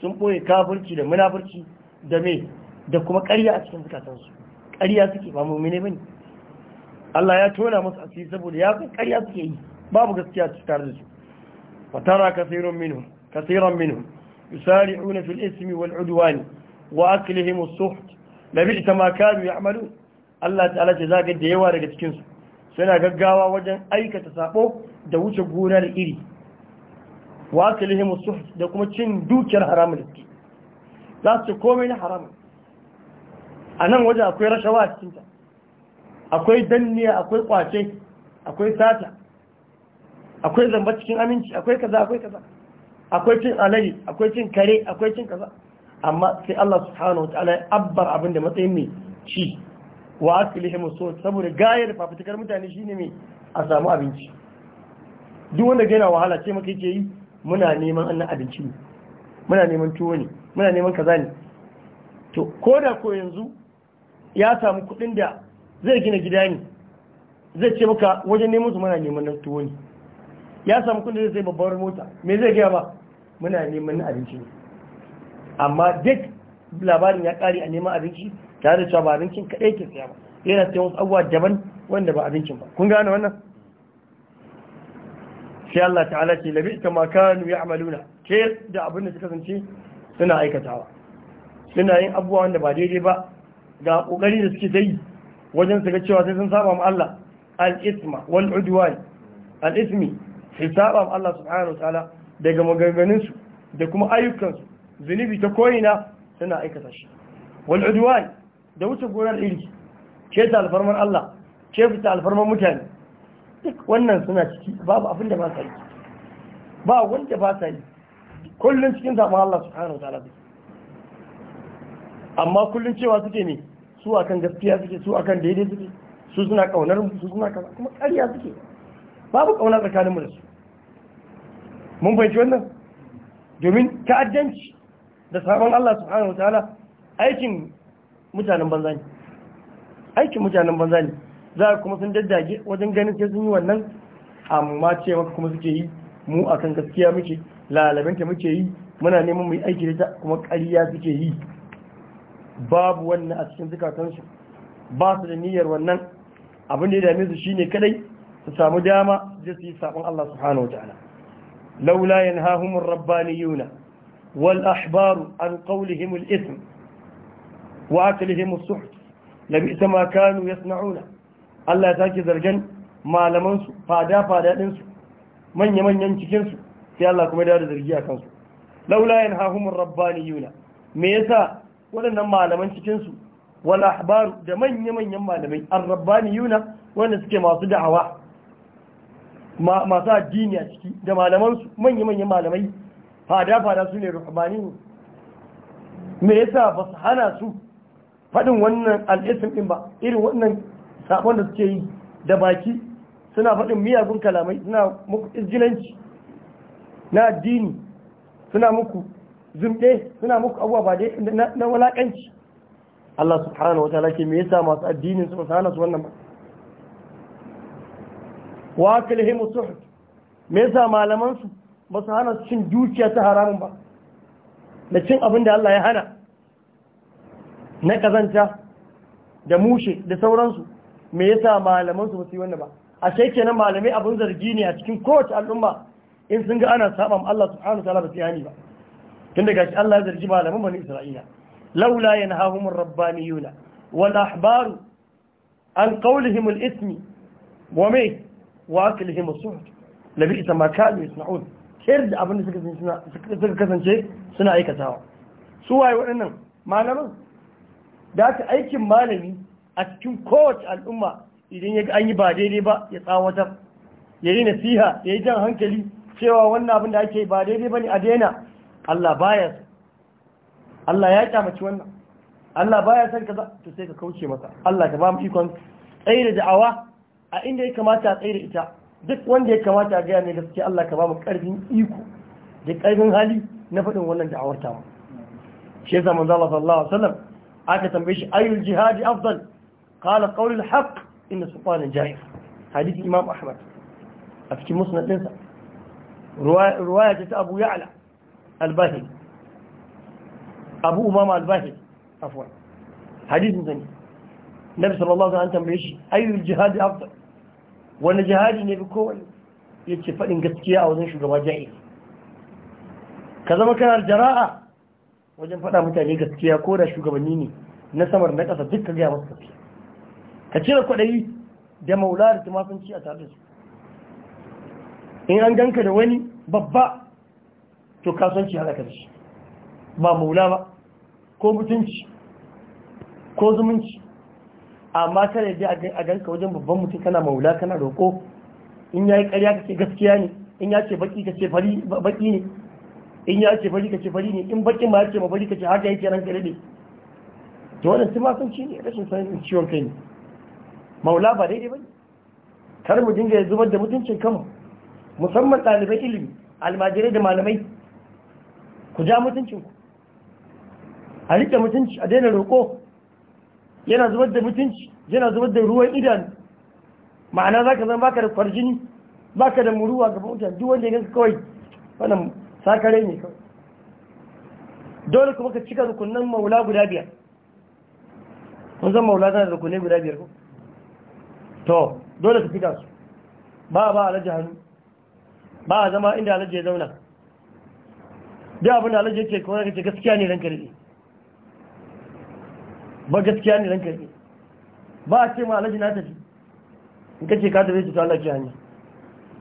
sun ɓoye kafirci da munafurci da me da kuma ƙarya a cikin zukatansu ƙarya suke ba mummune bane Allah ya tona musu asiri saboda ya san ƙarya suke yi babu gaskiya cikin tare da su wa tara kaseeran minhum kaseeran minhum yusari'una fil ismi wal udwani wa aklihim as-suht labi'sa ma kanu ya'malun Allah ta'ala ce za ga da yawa daga cikinsu suna gaggawa wajen aikata sabo da wuce gonar iri wa kalihimu suh da kuma cin dukiyar haramun da za su komai na haramun a nan waje akwai rashawa a cikinta akwai danniya akwai kwace akwai sata akwai zamba cikin aminci akwai kaza akwai kaza akwai cin alali akwai cin kare akwai cin kaza amma sai Allah subhanahu wa ta'ala ya abbar abin da matsayin mai ci wa aslihim sawt saboda gayar fafutukar mutane shine me a samu abinci duk wanda gaina wahala ce maka yake yi muna neman annan abinci ne muna neman tuwo ne muna neman kaza ne to ko da ko yanzu ya samu kuɗin da zai gina gida ne zai ce maka wajen neman su muna neman nan tuwo ne ya samu kudin da zai babbar mota me zai gaya ba muna neman abinci ne amma duk labarin ya ƙare a neman abinci tare cewa ba abincin kaɗai ke siya ba yana siya wasu abubuwa daban wanda ba abincin ba kun gane wannan sai Allah ta'ala ce labi ta makanu ya amaluna ke da abin da suka zance suna aikatawa suna yin abubuwa wanda ba daidai ba ga kokari da suke dai wajen su ga cewa sai sun saba ma Allah al-isma wal udwan al-ismi sai saba ma Allah subhanahu wa ta'ala daga maganganun su da kuma ayyukan su zunubi ta koyina suna aikata shi wal udwan da wuce gonar iri ce ta alfarmar Allah ce ta alfarmar mutane duk wannan suna ciki babu abin da ba sa yi ba wanda ba sa yi kullum cikin zaɓen Allah subhanahu wa ta'ala amma kullum cewa suke ne su akan gaskiya suke su akan daidai suke su suna kaunar mu su suna kama kuma ƙarya suke babu ƙauna tsakanin mu da su mun fahimci wannan domin ta'addanci da sabon Allah subhanahu wa ta'ala aikin mutanen banza ne aikin mutanen banza ne za a kuma sun daddage wajen ganin sai sun yi wannan amma ce maka kuma suke yi mu akan gaskiya muke lalabinta muke yi muna neman mai aiki da ta kuma kariya suke yi babu wannan a cikin zukatansu ba su da niyyar wannan abin da ya dame su shine kadai su samu dama da su yi sabon Allah subhanahu wa ta'ala laula yanhahumur rabbaniyuna wal ahbaru an qawlihim ism wa akalihim as-suht labi ma kanu yasna'una Allah ya sake zargan malaman su fada fada din su manya manyan cikin su sai Allah kuma ya da zargi a kansu laula yanhahum ar-rabbaniyuna me yasa wadannan malaman cikin su wal ahbar da manya manyan malamai ar-rabbaniyuna wanda suke masu da'awa masu addini a ciki da malaman su manya manyan malamai fada fada su ne ruhbani me yasa ba hana su faɗin wannan al'isim ɗin ba irin wannan sabon da suke yi da baki suna faɗin miyagun kalamai suna muku izgilanci na addini suna muku zumɗe suna muku abuwa ba dai na walaƙanci Allah subhanahu wa ta'ala ke me yasa masu addinin su hana su wannan ba wa aklihim suhd me yasa malaman su ba su hana su cin dukiya ta haramun ba da cin abin da Allah ya hana na kazanta da mushe da sauransu me yasa malaman su yi wannan ba a shai kenan malamai abin zargi ne a cikin kowace al'umma in sun ga ana saban Allah subhanahu wataala ba su yani ba tunda gashi Allah ya zargi malaman bani Isra'ila laula yanhahumur rabbaniyuna wal ahbaru an qawlihim al ismi wa mai wa aklihim as-suhd labi isa ma kanu yasna'un kir da abin da suka kasance suna aikatawa su waye waɗannan malaman da haka aikin malami a cikin kowace al'umma idan ya an yi ba daidai ba ya tsawatar ya yi nasiha ya yi jan hankali cewa wannan abin da ake ba daidai ba ne a daina Allah baya Allah ya kyamaci wannan Allah baya san kaza to sai ka kauce masa Allah ka ba mu ikon tsaye da da'awa a inda ya kamata a tsaye ita duk wanda ya kamata a gaya ne gaskiya Allah ka ba mu karfin iko da karfin hali na faɗin wannan da'awar ta mu shi yasa manzo sallallahu alaihi wasallam aka tambaye shi ayyul jihadi afdal qala qawlul haqq inna sultanan ja'ir hadisi imam ahmad a cikin musnad dinsa ruwaya ta abu ya'la al-bahili abu umama al-bahili afwan hadisin zani nabi sallallahu alaihi wasallam tambaye shi ayyul jihadi afdal wani jihadi ne bi kowanne yace fadin gaskiya a wajen shugaba ja'ir ka zama kana jara'a wajen faɗa mutane gaskiya ko da shugabanni ne na samar na ƙasa duk ka gaya masu gaskiya ka cire kwaɗayi da maula da tumasanci a tare su in an ganka da wani babba to kasuwanci hana ka shi ba maula ba ko mutunci ko zumunci amma kada dai a ganka wajen babban mutum kana maula kana roƙo in ya yi ƙarya ka ce gaskiya ne in ya ce baki ka ce fari baki ne in ya ce fari ka ce fari ne in bakin ma ya ce ma fari ka ce haka yake nan kare ne to wannan masu ci ne rashin sanin ciwon kai ne maula ba daidai ba ne. kar mu dinga zubar da mutuncin kanmu musamman ɗalibai ilimi almajirai da malamai ku ja mutuncin ku a riƙe mutunci a daina roƙo yana zubar da mutunci yana zubar da ruwan idan, ma'ana za ka zan baka da kwarjini baka da muruwa gaba mutane duk wanda ya ganka kawai wannan sakare ne kawai dole kuma ka cika rukunan maula guda biyar kun zan maula zana rukunai guda biyar ko to dole ka cika su ba a ba a alaji hannu ba a zama inda alaji ya zauna biya abin da alaji yake kawai ka ce gaskiya ne ran ne ba gaskiya ne ran ne ba a ce ma alaji na tafi in ka ce ka tafi su ta Allah hannu hanya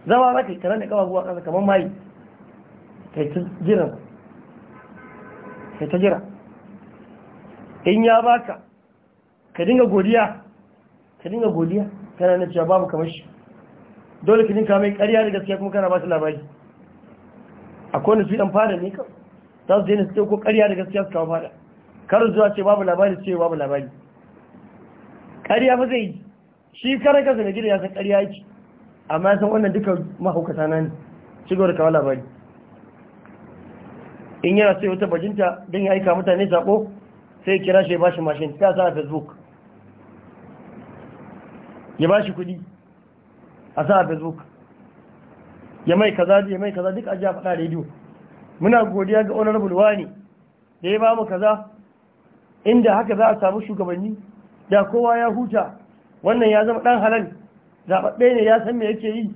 zama za ka yi karan da kawabuwa kasa kamar mayi kai ta jira ta jira in ya baka ka dinga godiya ka dinga godiya kana na cewa babu kamar shi dole ka dinga mai ƙarya da gaskiya kuma kana ba su labari akwai wani su ɗan fada ne kan za su daina su ko ƙarya da gaskiya su kawo fada karu zuwa ce babu labari ce babu labari ƙarya ba zai yi shi karan kasa na gida ya san ƙarya yake amma ya san wannan duka mahaukata na ne shigar kawo labari in yana sai wata bajinta don ya aika mutane zaɓo sai kira shi ya ba shi mashin ta sa a facebook ya ba shi kudi a sa a facebook ya mai kaza ya mai kaza duk ajiya faɗa rediyo muna godiya ga onar bulwa ne da ya ba mu kaza inda haka za a samu shugabanni da kowa ya huta wannan ya zama ɗan halal zaɓaɓɓe ne ya san me yake yi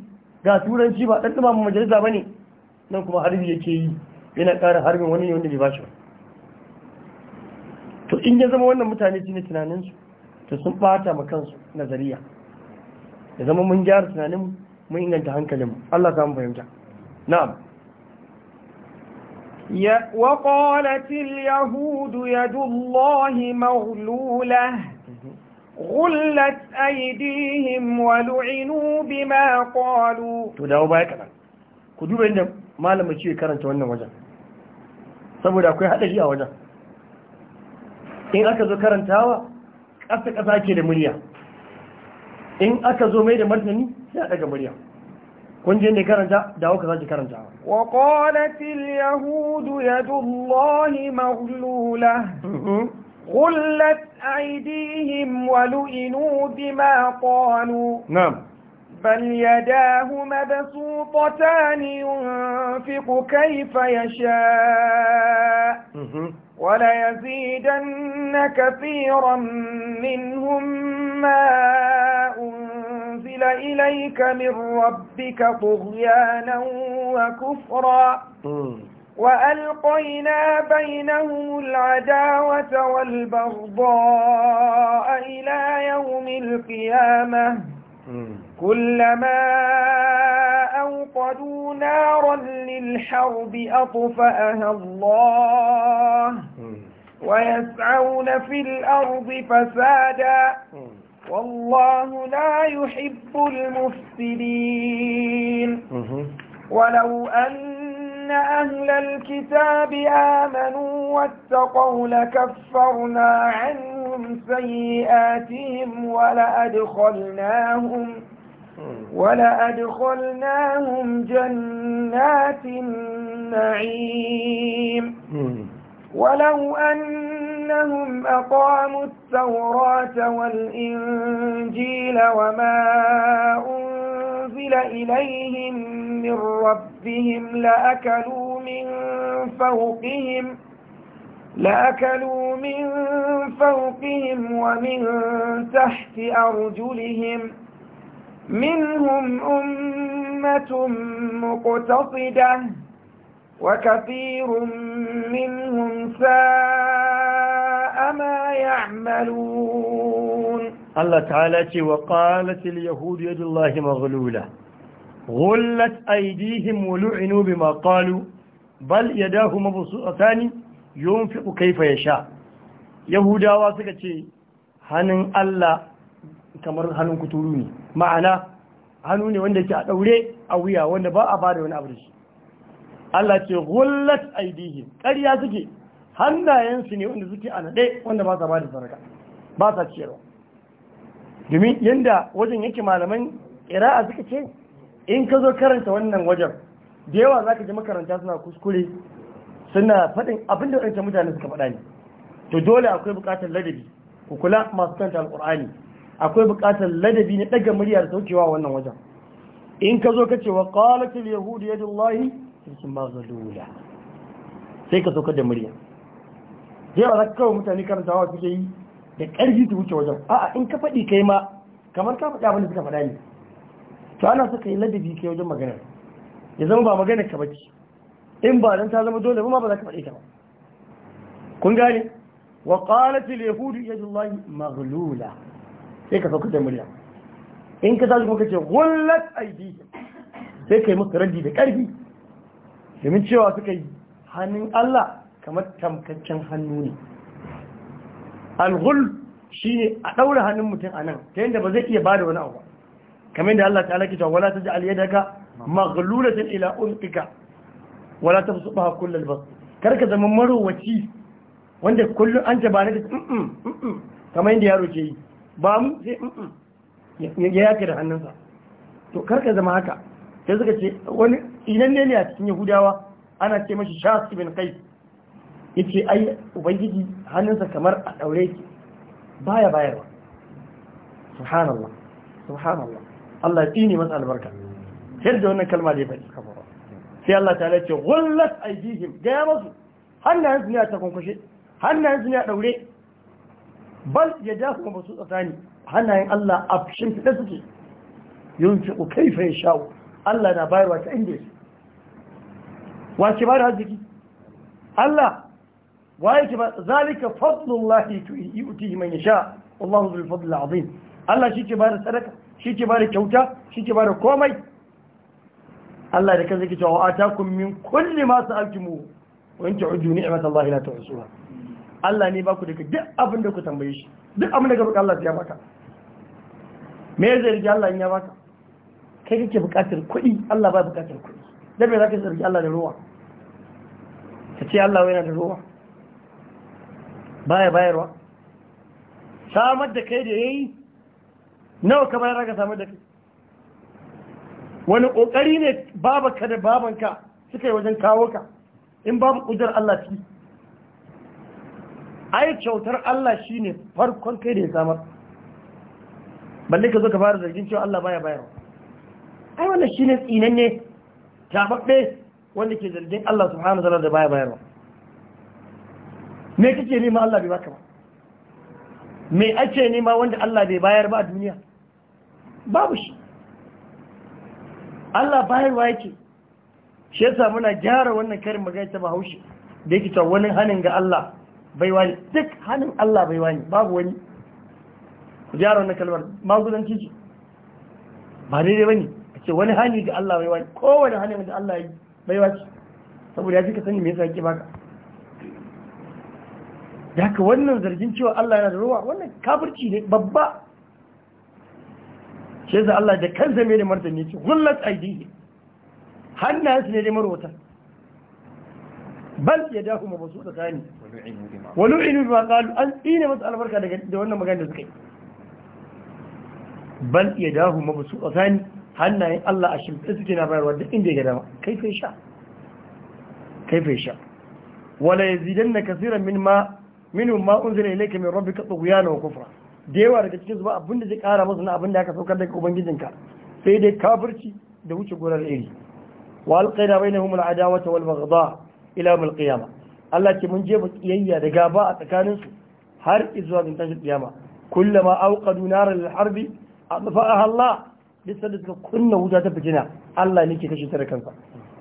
ga turanci ba ɗan ɗuma majalisa ba ne nan kuma harbi yake yi yana ƙara harbin wani ne wanda bai bashi ba to in ya zama wannan mutane shi ne tunaninsu to sun ɓata ma kansu nazariya ya zama mun gyara tunanin mun inganta hankalinmu Allah samu fahimta na'am وقالت اليهود يد الله مغلولة غلت أيديهم ولعنوا بما قالوا تدعوا بايك ku duba inda malamin ciye karanta wannan wajen saboda akwai haɗari a wajen in aka zo karantawa ƙasa ƙasa ke da murya in aka zo mai da martani ya ɗaga murya kun je ne karanta dawo ka sake karantawa wa qalat al yahud yadullahi maghlula غلت walu inu بما قالوا نعم بل يداه مبسوطتان ينفق كيف يشاء وليزيدن كثيرا منهم ما أنزل إليك من ربك طغيانا وكفرا وألقينا بينهم العداوة والبغضاء إلى يوم القيامة كلما أوقدوا نارا للحرب أطفأها الله ويسعون في الأرض فسادا والله لا يحب المفسدين ولو أن أهل الكتاب آمنوا واتقوا لكفرنا عنهم سيئاتهم ولأدخلناهم ولأدخلناهم جنات النعيم ولو أنهم أقاموا التوراة والإنجيل وما أنزل إليهم من ربهم لأكلوا من فوقهم لأكلوا من فوقهم ومن تحت أرجلهم ۖ منهم أمة مقتصدة وكثير منهم ساء ما يعملون الله تعالى وقالت اليهود يد الله مغلولة غلت أيديهم ولعنوا بما قالوا بل يداه مبسوطتان ينفق كيف يشاء يهودا واسكتي هنن الله kamar hannun kuturu ne ma'ana hannu ne wanda ke a ɗaure a wuya wanda ba a bada wani abu da shi Allah ce gullat aidihi ƙarya suke hannayensu ne wanda suke a naɗe wanda ba sa ba da sadaka ba sa ciyarwa domin yadda wajen yake malaman ƙira'a suka ce in ka zo karanta wannan wajen da yawa za ka ji makaranta suna kuskure suna faɗin abinda waɗancan mutane suka faɗa ne to dole akwai buƙatar ladabi ku kula masu kanta alƙur'ani akwai buƙatar ladabi na daga murya da saukewa wannan wajen in ka zo ka ce wa qalatil yahud yadullahi sun ba zalula sai ka saukar da murya sai ba za ka kawo mutane karanta karantawa suke yi da ƙarfi su wuce wajen a'a in ka faɗi kai ma kamar ka faɗi abin da suka faɗa ne to ana so ka yi ladabi kai wajen magana ya zama ba magana ka bace in ba dan ta zama dole ba ma ba za ka faɗi ta ba kun gane wa qalat al yahud yadullahi maghlula sai ka sauka da murya in ka tashi kuma ce wallat aidi sai ka yi musu rabi da ƙarfi domin cewa suka yi hannun Allah kamar tamkaccen hannu ne alhul shi ne a ɗaura hannun mutum a nan ta yadda ba zai iya ba da wani abu kamar yadda Allah ta ke cewa wala ta ji aliyadaka maghlulatan ila wala ta fusuha kullal ba. kar ka zama marowaci wanda kullum an jabane da kamar yadda yaro ke yi ba mu sai ya yake da hannunsa to karka zama haka sai suka ce wani inan ne a cikin yahudawa ana ce mashi shas ibn qais yace ai ubangiji hannunsa kamar a daure ki baya bayarwa subhanallah subhanallah Allah ya tsini masa albarka sai da wannan kalma da ya faɗi sai Allah ta ce gullat aidihim ga ya masu hannayensu ne a ta takunkushe hannayensu ne a daure bal ya ja su kuma su tsakani hannayen Allah a shin fita suke yunfi ku kaifa ya sha'u Allah na bayarwa ta inda ya wace ba da arziki Allah Wa ya ke ba zalika fadlullahi yu'tihi man yasha wallahu dhul fadli azim Allah shi ke ba da sadaka shi ke ba da kyauta shi ke ba da komai Allah da kansa ke cewa atakum min kulli ma sa'altumu wa in ta'udu ni'matallahi la tuhsuha Allah ne ba ku duka duk abin da ku tambaye shi duk abin da ka roƙa Allah ya baka me zai rike Allah in ya baka kai kake buƙatar kuɗi Allah ba buƙatar kuɗi da me zaka zargi Allah da ruwa ka ce Allah yana da ruwa baya bayarwa samar da kai da yayi nawa ka bayar aka samar da kai wani kokari ne babanka da babanka suka yi wajen kawo ka in babu ƙudurar Allah ciki ai kyautar Allah shine farkon kai da ya samar balle ka zo ka fara zargin cewa Allah baya bayarwa ai wannan shine tsinanne tababbe wanda ke zargin Allah subhanahu wa ta'ala da baya bayarwa me kake nema Allah bai baka ba me ake nema wanda Allah bai bayar ba a duniya babu shi Allah bayarwa yake shi yasa muna gyara wannan karin magana ta Bahaushe da yake ta wani hanin ga Allah baiwa ne duk hannun Allah baiwa ne babu wani ku gyara wani kalmar magudanci ce ba daidai ba ne a ce wani hannun da Allah baiwa ne kowane hannun da Allah ya baiwa ce saboda ya fi ka sani me yasa yake baka da haka wannan zargin cewa Allah yana da ruwa wannan kafirci ne babba shi yasa Allah da kansa mai da martani ce gullat aidihi hannayensu ne da marwata bal ya dahu mabasu kani qalu ولعنوا بما قالوا أن إينا da بركة دوانا مغانا زكي بل يداه مبسوطة ثاني hannayen Allah a suke na bayarwa duk inda ya dama kaife sha kaife sha wala yazidanna kaseeran min ma minhum ma unzila ilayka min rabbika tughyana wa kufra dewa yawa daga cikin zuba abinda zai kara musu na abinda aka saukar daga ubangijinka sai dai kafirci da wuce gurar iri wa alqaina bainahum al'adawata wal baghdha ila yawm al-qiyamah Allah ce mun jefa kiyayya da gaba a tsakaninsu har izuwa ga tashin kiyama kullama auqadu naral lil harbi atfa'aha Allah duk da suka kunna wuta ta fitina Allah ne ke kashe ta da kansa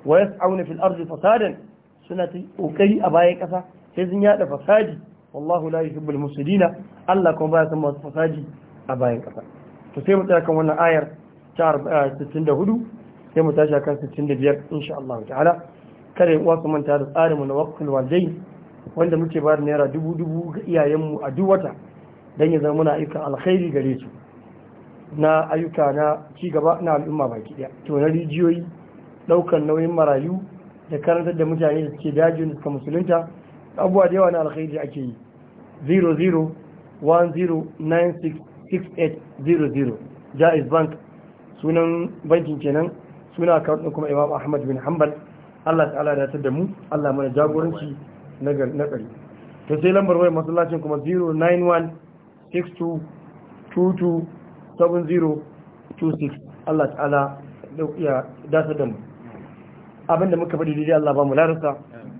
wa yas'auna fil ardi fasadan suna ta kokari a bayan kasa sai sun yada fasadi wallahu la yuhibbul mufsidina Allah kuma baya san masu fasadi a bayan kasa to sai mu tsaya kan wannan ayar ta 64 sai mu tashi kan 65 insha Allah ta'ala kare ya manta da tsarinmu na wakil waje wanda muke bayar naira dubu dubu ga iyayenmu a duk wata don yi zama muna ayyukan alkhairi gare su na ayyuka na cigaba na al'umma baki daya to na rijiyoyi ɗaukar nauyin marayu da karantar da mutane da suke dajin da suka musulunta abubuwa da yawa na alkhairi ake yi 0010966800 jaiz bank sunan bankin kenan suna kawo kuma imam ahmad bin Hambal. Allah ta'ala ya tada mu Allah mana jagoranci na gari Ta sai lambar wayar masallacin kuma 091 62 22 70 26 Allah ta'ala ya dasa da mu abinda muka faɗi daidai Allah ba mu larasa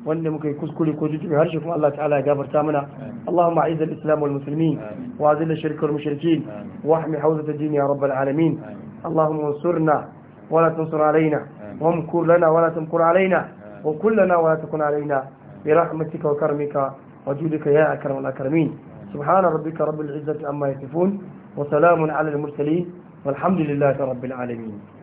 wanda muka yi kuskure ko jujjubi harshe kuma Allah ta'ala ya gafarta mana Allahumma a'izz al-islam wal musulmi. wa azil ash-shirka wal mushrikeen wa ahmi hawzat ad-din ya rabbal alamin Allahumma ansurna wa la tunsur alaina وامكر لنا ولا تمكر علينا وكن لنا ولا تكن علينا برحمتك وكرمك وجودك يا أكرم الأكرمين سبحان ربك رب العزة عما يصفون وسلام على المرسلين والحمد لله رب العالمين